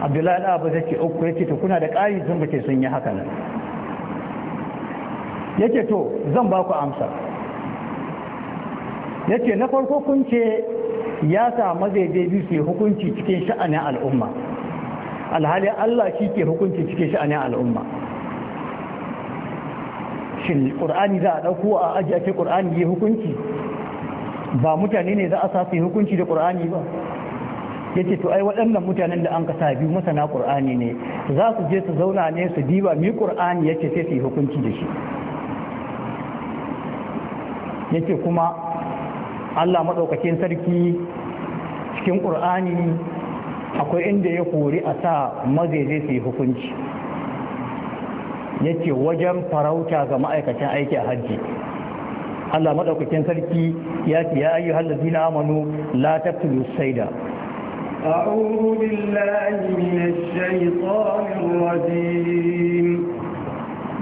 abdullahi al'abu zai ce uku ya ce ta kuna da ƙari sun bace sun yi haka nan yake to zan ba ku amsa yake na farko kun ce ya samu daidai biyu su hukunci cikin sha'anin al'umma alhali Allah shi ke hukunci cikin sha'anin al'umma shin ƙur'ani za a ɗauko a aji ake ƙur'ani ya hukunci ba mutane ne za a sa su hukunci da ƙur'ani ba ya ce to ai waɗannan mutanen da an ka sa biyu masana ƙur'ani ne za su je su zauna ne su diba mi ƙur'ani ya ce sai su yi hukunci da shi yace kuma Allah maɗaukakin sarki cikin ƙur'ani akwai inda ya kori a sa mazaje su yi hukunci yace wajen farauta ga ma'aikacin aiki a hajji Allah maɗaukakin sarki ya ce ya ayyuhal ladina amanu la taqtulu sayda أعوذ بالله من الشيطان الرجيم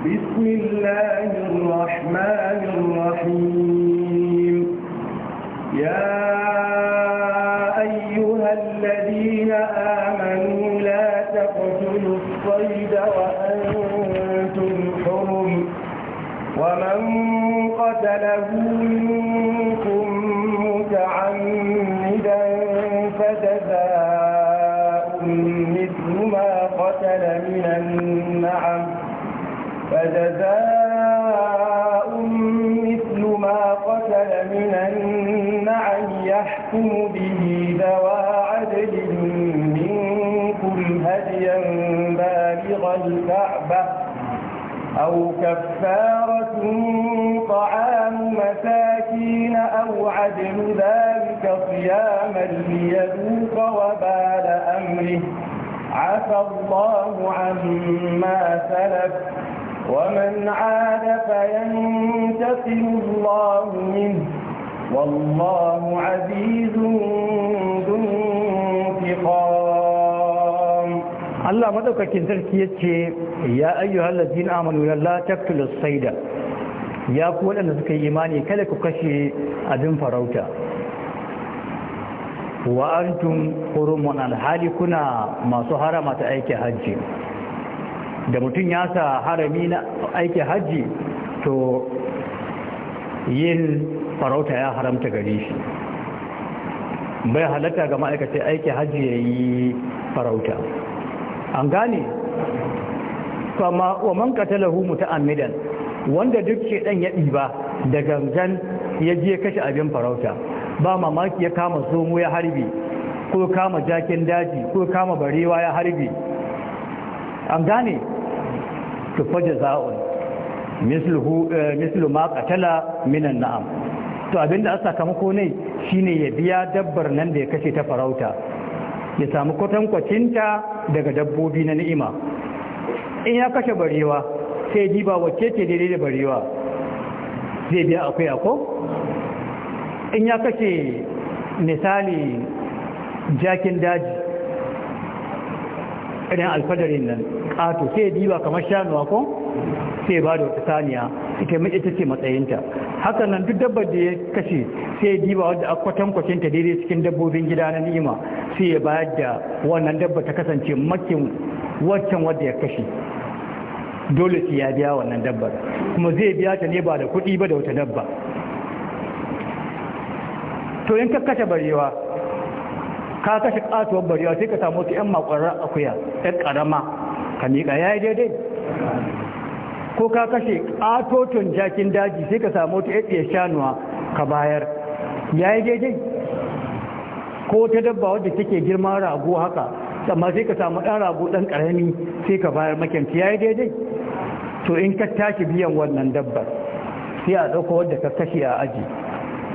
بسم الله الرحمن الرحيم يا أيها الذين آمنوا لا تقتلوا الصيد وأنتم حرم ومن قتله منكم متعمدا فجزاء مثل ما قتل من النعم فجزاء مثل ما قتل من النعم يحكم به ذوى عدل منكم هديا بالغ الكعبة أو كفارة طعام مساكين أو عدل ذلك صياما ليذوق وبال أمره عفى الله عما سلف ومن عاد فينتقم الله منه والله عزيز ذو انتقام الله مدوكاكين سركي يتشي يا أيها الذين آمنوا لا تقتلوا الصيد يا قول أن سكي إيماني كلك كشي أدن فروتا وأنتم حرم الحال كنا ما سهر ما تأيك حجي da mutum ya sa harami na aiki hajji to yin farauta ya haramta gare shi bai halatta ga ma'aikacin aiki hajji ya yi farauta an gane kama wa man qatalahu muta'ammidan wanda duk ce dan ya ɗiba da gangan ya je kashe abin farauta ba mamaki ya kama zomo ya harbi ko kama jakin daji ko kama barewa ya harbi an gane tufa jaza'un eh, mislu ma katala minan na'am to abinda a sakamako ne shine ya biya dabbar nan da ya kashe ta farauta ya samu kwatankwacinta daga dabbobi na ni'ima in ya kashe barewa sai diba wacce ce daidai da barewa zai biya akwai ako in ya kashe misali jakin daji ɗan alfadarin nan ƙato sai diba kamar shanuwa ko sai ba da wata saniya ita mai ita ce matsayinta haka nan duk dabbar da ya kashe sai diba wadda akwatan kwatankwacin ta daidai cikin dabbobin gida na ni'ima sai ya bayar da wannan dabba ta kasance makin waccan wadda ya kashe dole sai ya biya wannan dabbar kuma zai biya ta ne ba da kuɗi ba da wata dabba to in ka barewa ka kashe katuwar barewa sai ka samu ta yan makwarar akuya yan karama ka miƙa ya yi daidai ko ka kashe katotun jakin daji sai ka samu ta yan shanuwa ka bayar ya yi daidai ko ta dabba wadda take girma rago haka amma sai ka samu ɗan rago ɗan ƙarami sai ka bayar makyanci ya yi daidai to in ka tashi biyan wannan dabbar sai a ɗauka wadda ka kashe a aji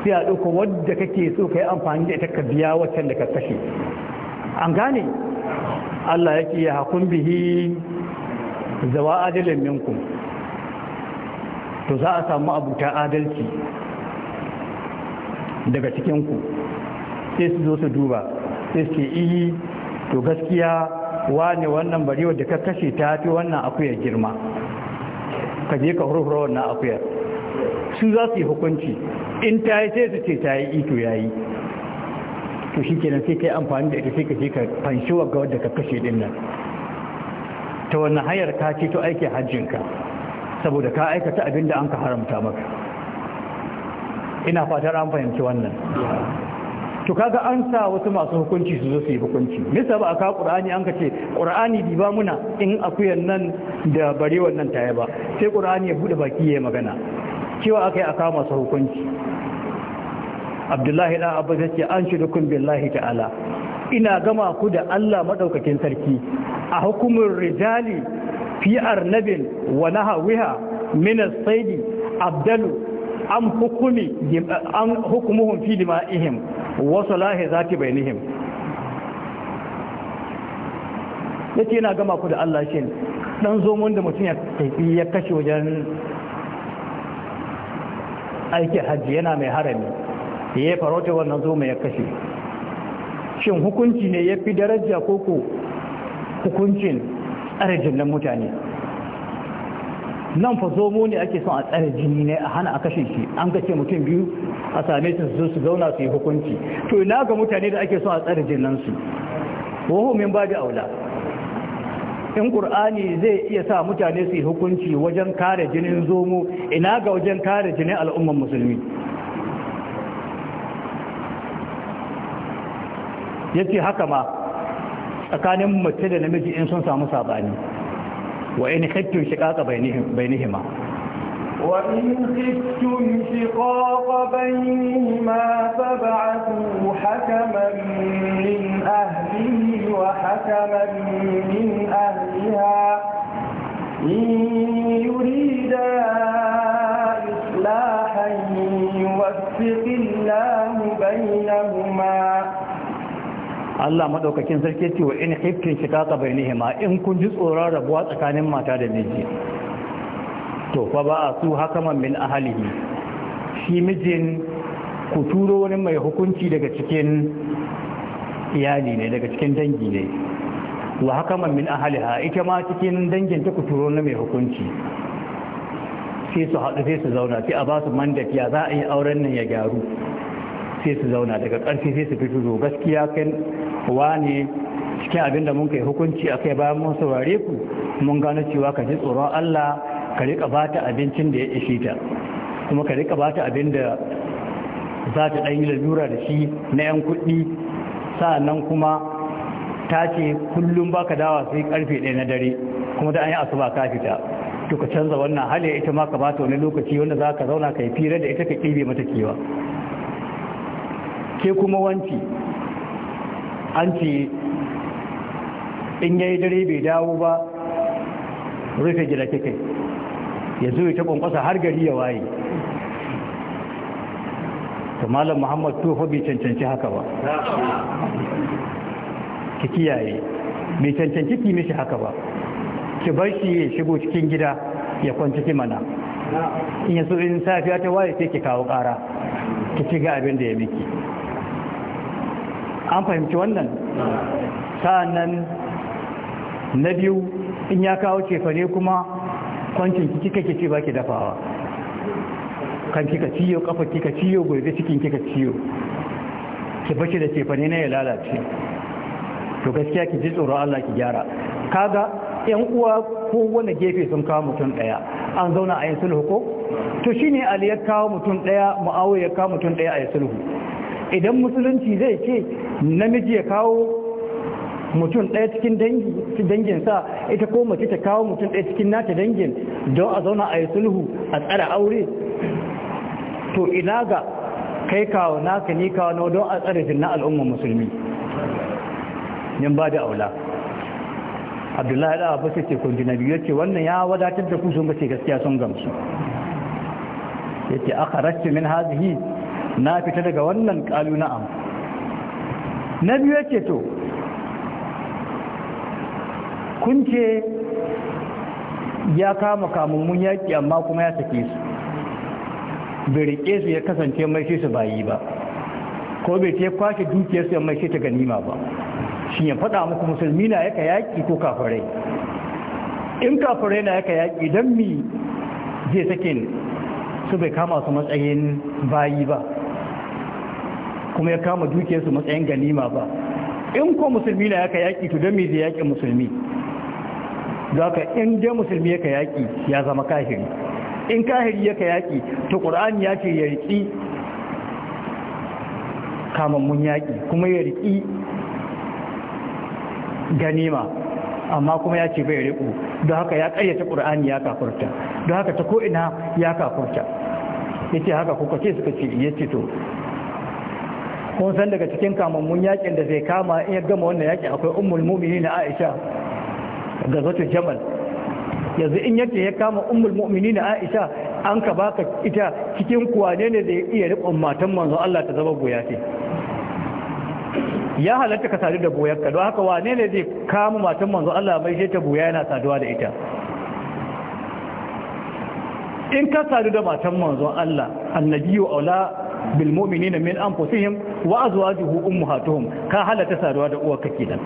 sai a ɗauka wadda kake so ka yi amfani da ita ka biya waccan da ka kashe an gane Allah ya ke ya hakun bihi zawa adalin minku to za a samu abuta adalci daga cikinku sai su zo su duba sai su ke iyi to gaskiya wane wannan bari da ka kashe ta fi wannan akuyar girma ka je ka hurhura wannan akuyar su za su yi hukunci in ta yi sai su ce ta yi ito ya yi to shi kenan sai ka yi amfani da ita sai ka ce ka fanshi wa ga wadda ka kashe din nan ta wannan hanyar ka ce to aiki hajjinka saboda ka aikata abin da an ka haramta maka ina fatar an fahimci wannan to kaga an sa wasu masu hukunci su zo su yi hukunci nisa ba a ka qur'ani an ka ce qur'ani diba muna in akuyan nan da barewan nan ta ba sai qur'ani ya bude baki ya magana cewa aka yi a kama su hukunci abdullahi ɗan abu zai ce an shi dukkan billahi ta'ala ina gama ku da allah maɗaukakin sarki a hukumin rijali fi arnabin wa nahawiha min as-saidi abdalu an hukumi an hukumuhum fi dima'ihim wa salahi zati bainihim yace ina gama ku da Allah shin dan zomon da mutum ya ya kashe wajen aikin hajji yana mai harami ya farauta wannan zoma ya kashe shin hukunci ne ya fi daraja koko hukuncin tsara jirgin mutane nan fa zomo ne ake son a tsara jini ne a hana a kashe shi an kace mutum biyu a same su su su zauna su yi hukunci to ina ga mutane da ake son a tsare nan su? wahumin ba da aula in ƙur'ani zai iya sa mutane su hukunci wajen kare jinin zomo ina ga wajen kare jinin al'umman musulmi ya ce haka ma tsakanin mace da namiji in sun samu saɓani wa in haƙƙin shiƙaƙa bai nihima وإن خفتم شقاق بينهما فابعثوا حكما من أهله وحكما من أهلها إن يريدا إصلاحا يوفق الله بينهما Allah madaukakin sarki ce wa in hifkin shiqaqa bainihima in kun ji tsoron rabuwa tsakanin mata da miji to fa ba a su hakaman min ahalihi shi mijin ku turo wani mai hukunci daga cikin iyali ne daga cikin dangi ne wa hakaman min ahaliha ita ma cikin dangin ta ku turo na mai hukunci sai su haɗu sai su zauna sai a ba su ya za a yi auren nan ya gyaru sai su zauna daga ƙarfi sai su fito zo gaskiya kan wane cikin abin da mun kai hukunci a kai bayan mun saurare ku mun gano cewa ka ji tsoron Allah ka rika ba ta abincin da ya ishe ta kuma ka rika ba ta abin da za ta ɗan yi lalura da shi na 'yan kuɗi nan kuma ta ce kullum ba ka dawa sai karfe ɗaya na dare kuma da an yi asuba ka fita to ka canza wannan hali ita ma ka ba ta wani lokaci wanda za ka zauna ka yi fira da ita ka ɗibe mata kewa ke kuma wanci an ce in yayi dare bai dawo ba rufe gida kai ya zo ya ta ƙasa har gari ya waye to malam muhammad tofa bai cancanci haka ba ki kiyaye bai cancanci ki mishi haka ba ki bar shi ya shigo cikin gida ya kwanci ki mana in yaso in safiya ta waye sai ki kawo ƙara. ki ci ga abin da ya miki an fahimci wannan nan na biyu in ya kawo cefane kuma kwancin ki kika ce ba dafawa kan kika ciyo kafa kika ciyo gobe cikin kika ciyo ki bace da cefane na ya lalace to gaskiya ki ji tsoro Allah ki gyara kaga yan uwa ko wani gefe sun kawo mutum daya an zauna a yin sulhu ko to shine Ali ya kawo mutum daya Muawiya ya kawo mutum daya a yin sulhu idan musulunci zai ce namiji ya kawo mutum ɗaya cikin danginsa ita ko mace ta kawo mutum ɗaya cikin nata dangin don a zauna a yi sulhu a tsara aure to ina ga kai kawo naka ni kawo na don a tsara jinna al'ummar musulmi yan ba da aula abdullahi da abu sai ce kun na biyu yake wannan ya wadatar da ku sun bace gaskiya sun gamsu aka akharajtu min hazihi na fita daga wannan qalu na'am na biyu yake to kun ce ya kama kamummun yaƙi amma kuma ya take su bai riƙe su ya kasance mai shi su bayi ba ko bai ce kwashe su ya mai shi ta ganima ba shi ya faɗa muku musulmi na yaka yaƙi ko kafirai in kafirai na yaka yaƙi don mi zai sake su bai kama su matsayin bayi ba kuma ya kama su matsayin ganima ba in ko musulmi na yaka yaƙi to don mi zai yaƙin musulmi za ka in dai musulmi ka yaƙi ya zama kahiri in kahiri ka yaƙi to ƙur'ani ya ce ya riƙi kamammun yaƙi kuma ya riƙi ganima amma kuma ya ce bai riƙo don haka ya ƙayyata ƙur'ani ya kafurta don haka ta ko'ina ya kafurta ya ce haka kuka ce suka ce ya ce to kun san daga cikin kamammun yaƙin da zai kama in ya gama wannan yaƙin akwai ummul mumini na aisha gazatu jamal yanzu in yake ya kama mu'mini na Aisha an ka baka ita cikin kuwa ne da ya iya riƙon matan manzo Allah ta zama goya ce ya halatta ka sadu da ka don haka wane ne zai kama matan manzo Allah mai shi ta boya yana saduwa da ita in ka sadu da matan manzo Allah annabiyu aula bil mu'minina min anfusihim wa azwajuhum ummahatuhum ka halatta saduwa da uwarka kenan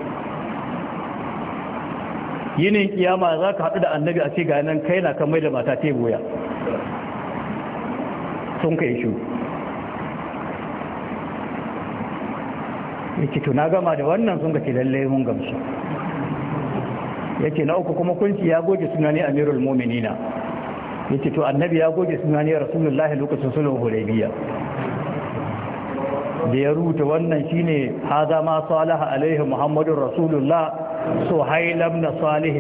yinin kiyama za ka haɗu da annabi a ce ganin kai na kan mai da mata te goya sun kai shi ya ce na gama da wannan sun kace lalle mun gamsu ya ce na uku kuma kunci ya goge suna ne amirul mominina ya ce to annabi ya goge suna ne rasulullahi lokacin sulhun hudaybiya da ya rubuta wannan shine haza ma salaha alaihi muhammadun rasulullah suhaila ibn salih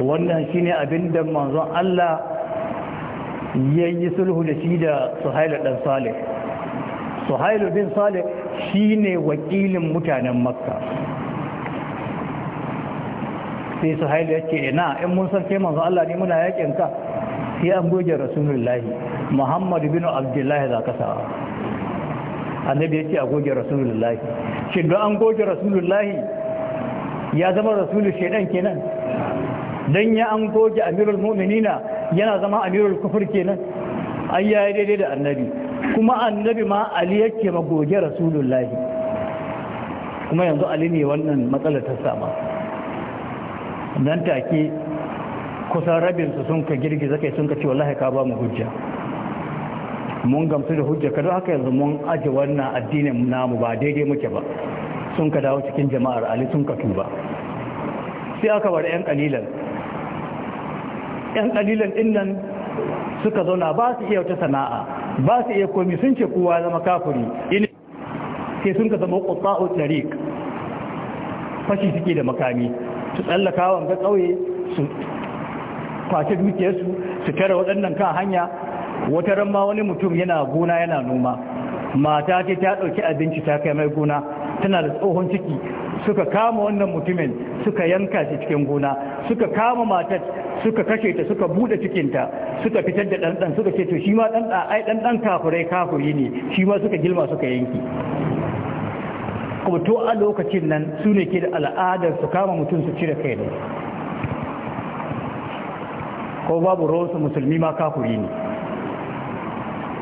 wannan shine da manzon Allah yayi sulhu da shi da suhaila dan salih suhaila bin salih shine wakilin mutanen makka sai suhaila ce ina in mun san sai manzon Allah ne muna yakin ka sai an goge rasulullahi muhammad bin abdullahi za ka sa annabi ce a goge rasulullahi shiga an goge rasulullahi ya zama rasulun shaidan kenan don ya an goge amirul mu'minina yana zama amirul kufur kenan An yaya daidai da annabi kuma annabi ma ali yake magoge rasulullahi kuma yanzu ali ne wannan matsala ta sama nan take kusan rabinsu sun ka girgiza kai sun ka ce wallahi ka ba mu hujja mun gamsu da hujja don haka yanzu mun aje wannan addinin namu ba daidai muke ba sun ka dawo cikin jama'ar ali sun ka tuba sai aka bar yan kalilan yan kalilan din nan suka zauna ba su iya wata sana'a ba su iya komi sun ce kowa zama kafiri ina sai sun ka zama qutsa'u tariq fashi suke da makami su tsallaka wanga kauye su kwace dukiyarsu su tare waɗannan kan hanya wata ran wani mutum yana gona yana noma mata ce ta ɗauki abinci ta kai mai gona tana da tsohon ciki suka kama wannan mutumin suka yanka shi cikin gona suka kama matar suka kashe ta suka bude ta, suka fitar da ɗanɗan suka ce to shi ma ɗanɗa ai ɗanɗan kafurai kafuri ne shi ma suka gilma suka yanki kuma to a lokacin nan su ne ke da al'adar su kama mutum su cire kai ne ko babu su musulmi ma kafuri ne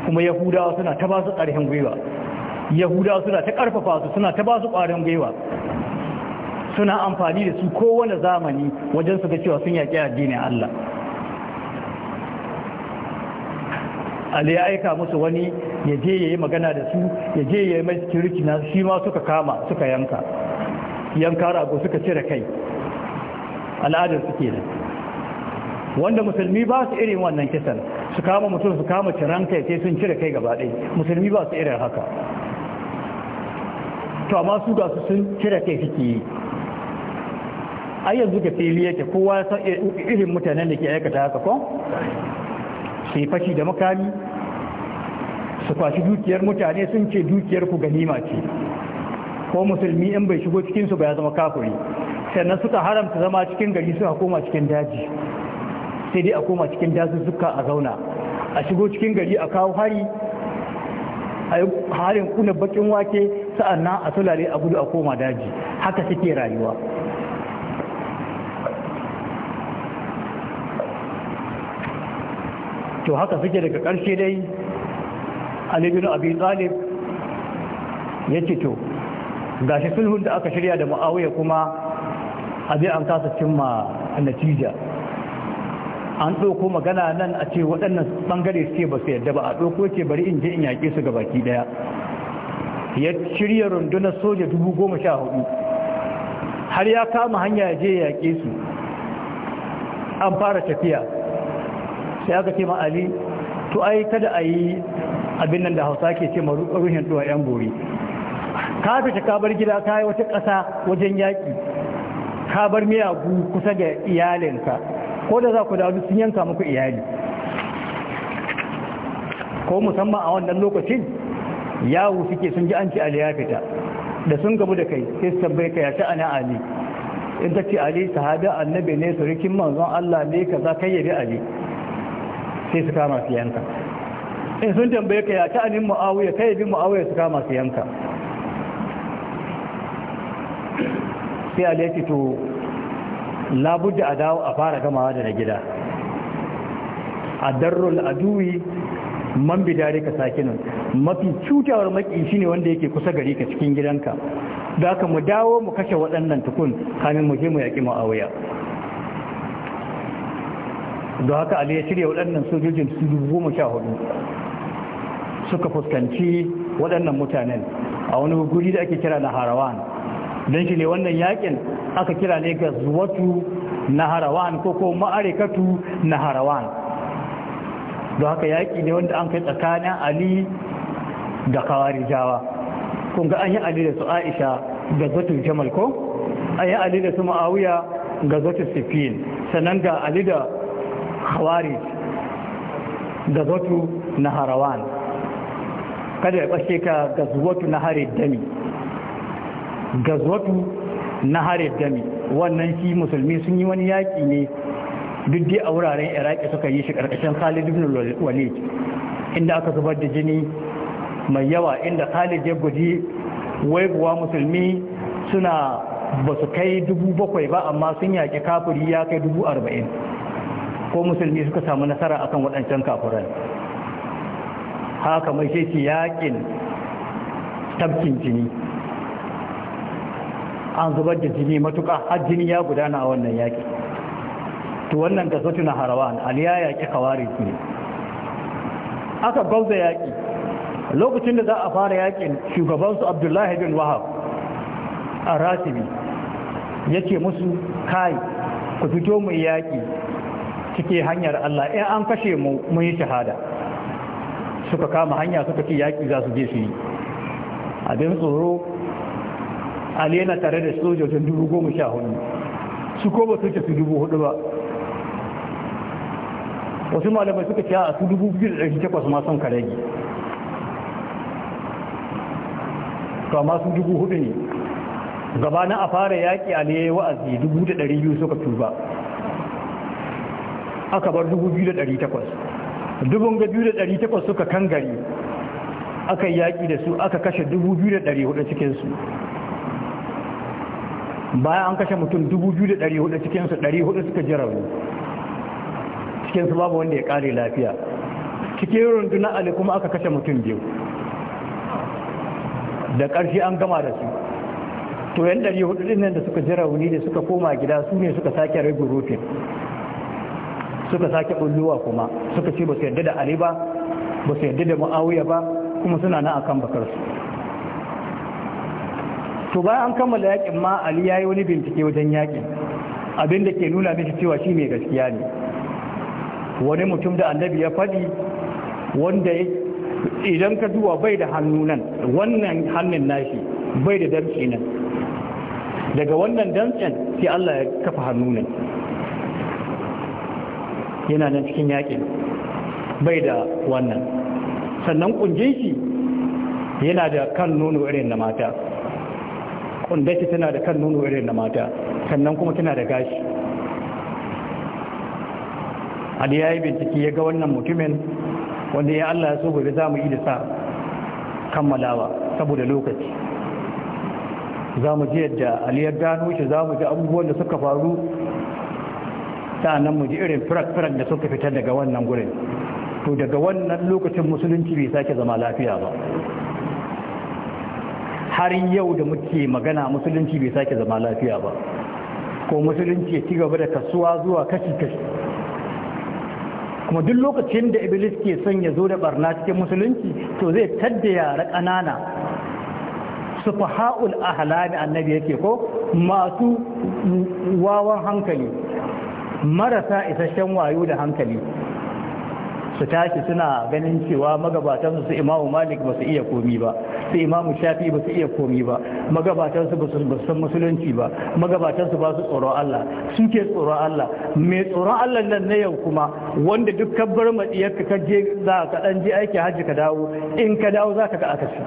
kuma yahudawa suna ta ba su ƙarfin gwiwa yahudawa suna ta ƙarfafa su suna ta ba su ƙwarin gwiwa suna amfani da su kowane zamani wajen su ga cewa sun yaƙi addinin Allah Ali ya aika musu wani ya je ya magana da su ya je ya mai security na shi ma suka kama suka yanka yanka rago suka cire kai al'adar suke da wanda musulmi ba su irin wannan kisan su kama mutum su kama ciranka ya ce sun cire kai gaba ɗaya musulmi ba su irin haka to amma su ga su sun cire kai suke yi ai yanzu ke fili yake kowa ya san irin mutanen da ke aikata haka ko su yi fashi da makami su kwashi dukiyar mutane sun ce dukiyar ku ganima ce ko musulmi in bai shigo cikinsu ba ya zama kafuri? sannan suka haramta zama cikin gari suka koma cikin daji sai dai a koma cikin dazuzzuka a zauna a shigo cikin gari a kawo hari a harin kuna bakin wake sa'annan a tulare a gudu a koma daji haka suke rayuwa to haka suke daga ƙarshe dai alibinu abi zalib ya ce to gashi sulhun da aka shirya da ma'awuyar kuma abin an kasa cimma natija an ɗauko magana nan a ce waɗannan ɓangare suke ba su yadda ba a ɗauko ce bari in je in yaƙe su baki ɗaya ya shirya rundunar soja dubu goma sha hudu har ya kama hanya ya je yaƙe su an fara tafiya sai aka ce ma'ali to ai kada a yi abin nan da hausa ke ce ma ruhin ɗuwa 'yan bori ka fita ka bar gida ka yi wata ƙasa wajen yaƙi ka bar miyagu kusa da iyalinka ko da za ku da sun yanka muku iyali ko musamman a wannan lokacin yawo suke sun ji an ci ali ya fita da sun gabu da kai sai su tambaye ka ya ta ana ali in ta ce ali sahada annabi ne surikin manzon Allah ne kaza kai yabi ali sai su kama su yanka in sun tambaye ka ya ta anin muawiya kai bi muawiya su kama su yanka sai ali ya to labudda a dawo a fara gamawa da na gida a darrul aduwi man bidare ka sakinin mafi cutawar maki ne wanda yake kusa gari ka cikin gidanka da haka mu dawo mu kashe waɗannan tukun kamin mu je mu yaƙi ma'awuya da haka ali ya shirya waɗannan sojojin su goma sha hudu suka fuskanci waɗannan mutanen a wani guri da ake kira na harawan don shi ne wannan yakin aka kira ne ga zuwatu na harawan ko ko ma'arikatu na harawan don haka yaki ne wanda an kai tsakanin ali da jawa kun ga an yi ali da su aisha ga zuwatu jamal ko an yi ali da su ma'awuya ga zuwatu sifin sannan ga ali da kawari da zuwatu na harawan kada ya ɓashe ka ga zuwatu na harin dami gazwatu na harin dami wannan shi musulmi sun yi wani yaƙi ne duk dai a wuraren iraki suka yi shi ƙarƙashin khalid ibn walid inda aka zubar da jini mai yawa inda khalid ya guji waibuwa musulmi suna ba su kai dubu bakwai ba amma sun yaƙi kafuri ya kai dubu arba'in ko musulmi suka samu nasara akan waɗancan kafuran haka mai shi yaƙin tabkin jini an zubar da jini matuƙa har jini ya gudana a wannan yaƙi to wannan da sautu na harawan aliya yaƙi kawari ne aka gauza yaƙi lokacin da za a fara yaƙin shugabansu abdullahi bin wahab a rasibi ya ce musu kai ku fito mu yaƙi cike hanyar allah in an kashe mu mun yi shahada suka kama hanya suka ce yaƙi za su je su yi abin tsoro ali yana tare da sojojin dubu goma sha hudu su ko ba su ce su dubu hudu ba wasu malamai suka ce a su dubu biyu da ɗari takwas ma son karegi to amma su dubu hudu ne gabanin a fara yaƙi ali ya yi wa'azi dubu da ɗari biyu suka tuba aka bar dubu biyu da ɗari takwas dubun ga biyu da ɗari takwas suka kan gari aka yaƙi da su aka kashe dubu biyu da ɗari hudu cikinsu bayan an kashe mutum 2,400 cikinsu 400 suka ji rauni cikinsu babu wanda ya kare lafiya cikin runduna ali kuma aka kashe mutum biyu da ƙarshe an gama da su to yan 400 ɗin nan da suka ji rauni da suka koma gida su ne suka sake rage rufin suka sake bulluwa kuma suka ce ba su yarda da ali ba ba su yarda da ma'awuya ba kuma suna na akan bakarsu to ba an kammala yakin ma ali yayi wani bincike wajen yakin da ke nuna mishi cewa shi mai gaskiya ne wani mutum da annabi ya faɗi wanda idan ka zuwa bai da hannu nan wannan hannun nashi bai da damtsi nan daga wannan damtsen sai Allah ya kafa hannu nan yana nan cikin yakin bai da wannan sannan kunjin shi yana da kan nono irin na mata wanda ke tana da kan nono irin na mata sannan kuma tana da gashi ali ya yi bincike ya ga wannan mutumin wanda ya Allah ya so gobe za mu yi da sa kammalawa saboda lokaci za mu ji yadda ali ya gano shi za mu ji abubuwan da suka faru sa'annan mu ji irin firak-firak da suka fitar daga wannan gurin to daga wannan lokacin musulunci bai sake zama lafiya ba har yau da muke magana musulunci bai sake zama lafiya ba ko musulunci ya ci gaba da kasuwa zuwa kashi-kashi kuma duk lokacin da iblis ke son ya zo da barna cikin musulunci to zai tadda yara ƙanana su faha'ul ahalami annabi yake ko masu wawan hankali marasa isasshen wayo da hankali su tashi suna ganin cewa magabatan su imamu malik ba su iya komi ba su imamu shafi ba su iya komi ba magabatan su ba su san musulunci ba magabatan su ba su tsoron Allah ke tsoron Allah mai tsoron Allah nan na yau kuma wanda duk kabbar matsiyarka ka je za ka dan je aiki hajji ka dawo in ka dawo za ka ga akasi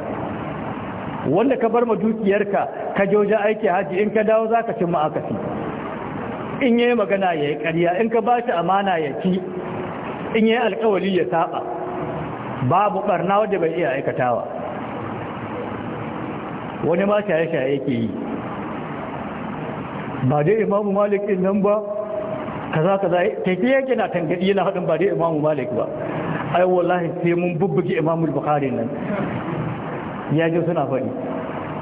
wanda ka bar ma dukiyarka ka je wajen aiki hajji in ka dawo za ka cin ma akasi in yayi magana yayi ƙarya in ka ba shi amana ya ci in yi alkawali ya saba babu barna wadda bai iya aikatawa wani ma shaye-shaye ke yi ba dai imamu malik nan ba kaza kaza tafi yake na tangadi yana haɗin ba dai imamu malik ba ai wallahi sai mun bubbuki imamu bukari nan ya ji suna faɗi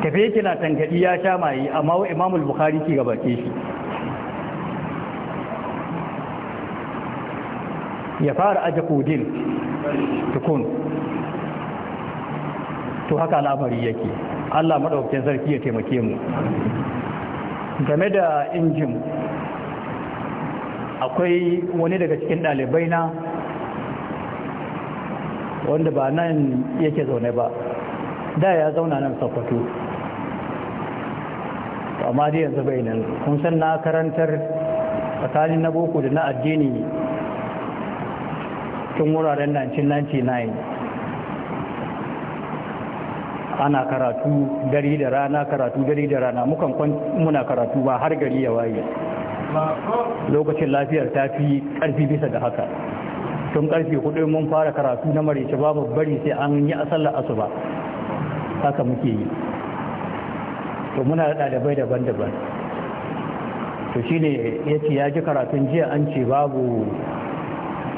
tafi yake na tangadi ya sha mayi amma wa imamu bukari ke gabake shi ya fara aje kudin tukun to haka al'amari yake Allah maɗaukin sarki ya taimake mu game da injin akwai wani daga cikin ɗalibai na wanda ba nan yake zaune ba da ya zauna nan sakwato amma dai yanzu bai nan kun san na karantar tsakanin na boko da na addini tun wuraren 1999 ana karatu dari da rana karatu dari da rana mukan muna karatu ba har gari ya waye lokacin lafiyar ta fi karfi bisa da haka tun karfi hudu mun fara karatu na marice babu bari sai an yi asala asuba haka muke yi to muna da ɗalibai daban-daban to shine ne ya ce ya ji karatun jiya an ce babu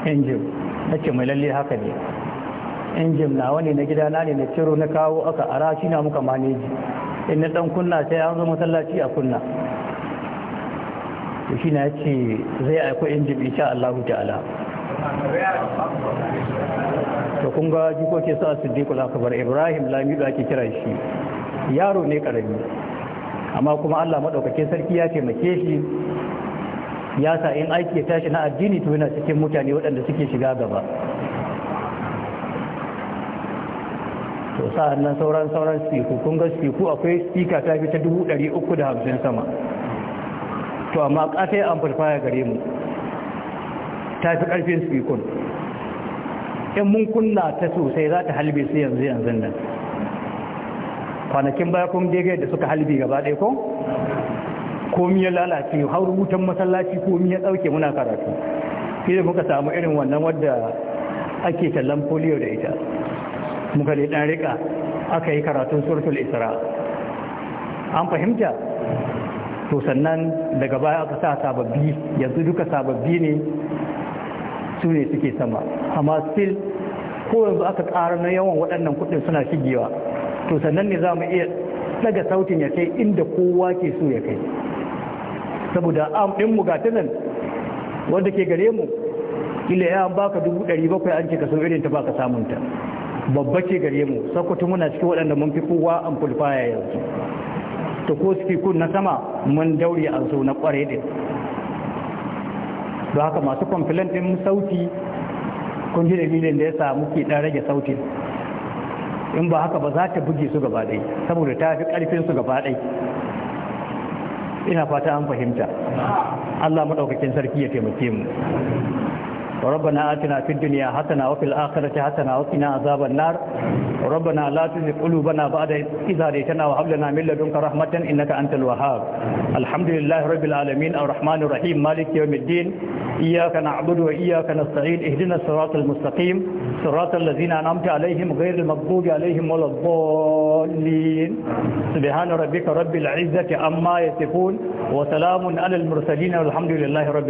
injin na ce mai lalle haka ne injin na wani na gida na ne na ciro na kawo aka ara shi na muka maneji in na dan kunna sai an zo masallaci a kunna to shi na ya ce zai aiko injin insha Allah ta'ala to kun ga jikoki sa siddiqul akbar ibrahim lamido ake kira shi yaro ne karami amma kuma Allah madaukake sarki ya taimake shi ya sa in aiki ya tashi na addini to yana cikin mutane waɗanda suke shiga gaba to sa'an nan sauran sauran spiku kun ga spiku akwai spika ta fi ta 350 sama to amma ƙasa ya amfalfaya gare mu ta fi ƙarfin spikun in mun kunna ta sosai za ta halbe su yanzu yanzu nan kwanakin baya kun daga da suka halbe gaba ɗaya ko komi ya lalace har rubutan masallaci komi ya dauke muna karatu sai muka samu irin wannan wadda ake tallan polio da ita muka da dan rika aka yi karatun suratul isra an fahimta to sannan daga baya aka sa sababbi yanzu duka sababbi ne su ne suke sama amma still ko yanzu aka ƙara na yawan waɗannan kuɗin suna shigewa to sannan ne za mu iya daga sautin ya kai inda kowa ke so ya kai saboda am ɗin mu gata nan wanda ke gare mu ila ya baka dubu ɗari bakwai an ce ka san irin ta baka samun ta babba ke gare mu sakwato muna cikin waɗanda mun fi kowa an fulfaya yanzu ta ko suke kun na sama mun daure a zo na ƙware ɗin da haka masu kwamfilan ɗin sauti kun ji dalilin da ya samu ke ɗan rage sautin in ba haka ba za ta buge su gaba ɗai saboda ta fi ƙarfin su gaba ɗai ina fata an fahimta Allah maɗaukakin sarki ya taimake mu ربنا آتنا في الدنيا حسنة وفي الآخرة حسنة وقنا عذاب النار ربنا لا تزغ قلوبنا بعد إذ هديتنا وهب لنا من لدنك رحمة إنك أنت الوهاب الحمد لله رب العالمين الرحمن الرحيم مالك يوم الدين إياك نعبد وإياك نستعين اهدنا الصراط المستقيم صراط الذين أنعمت عليهم غير المغضوب عليهم ولا الضالين سبحان ربك رب العزة عما يصفون وسلام على المرسلين والحمد لله رب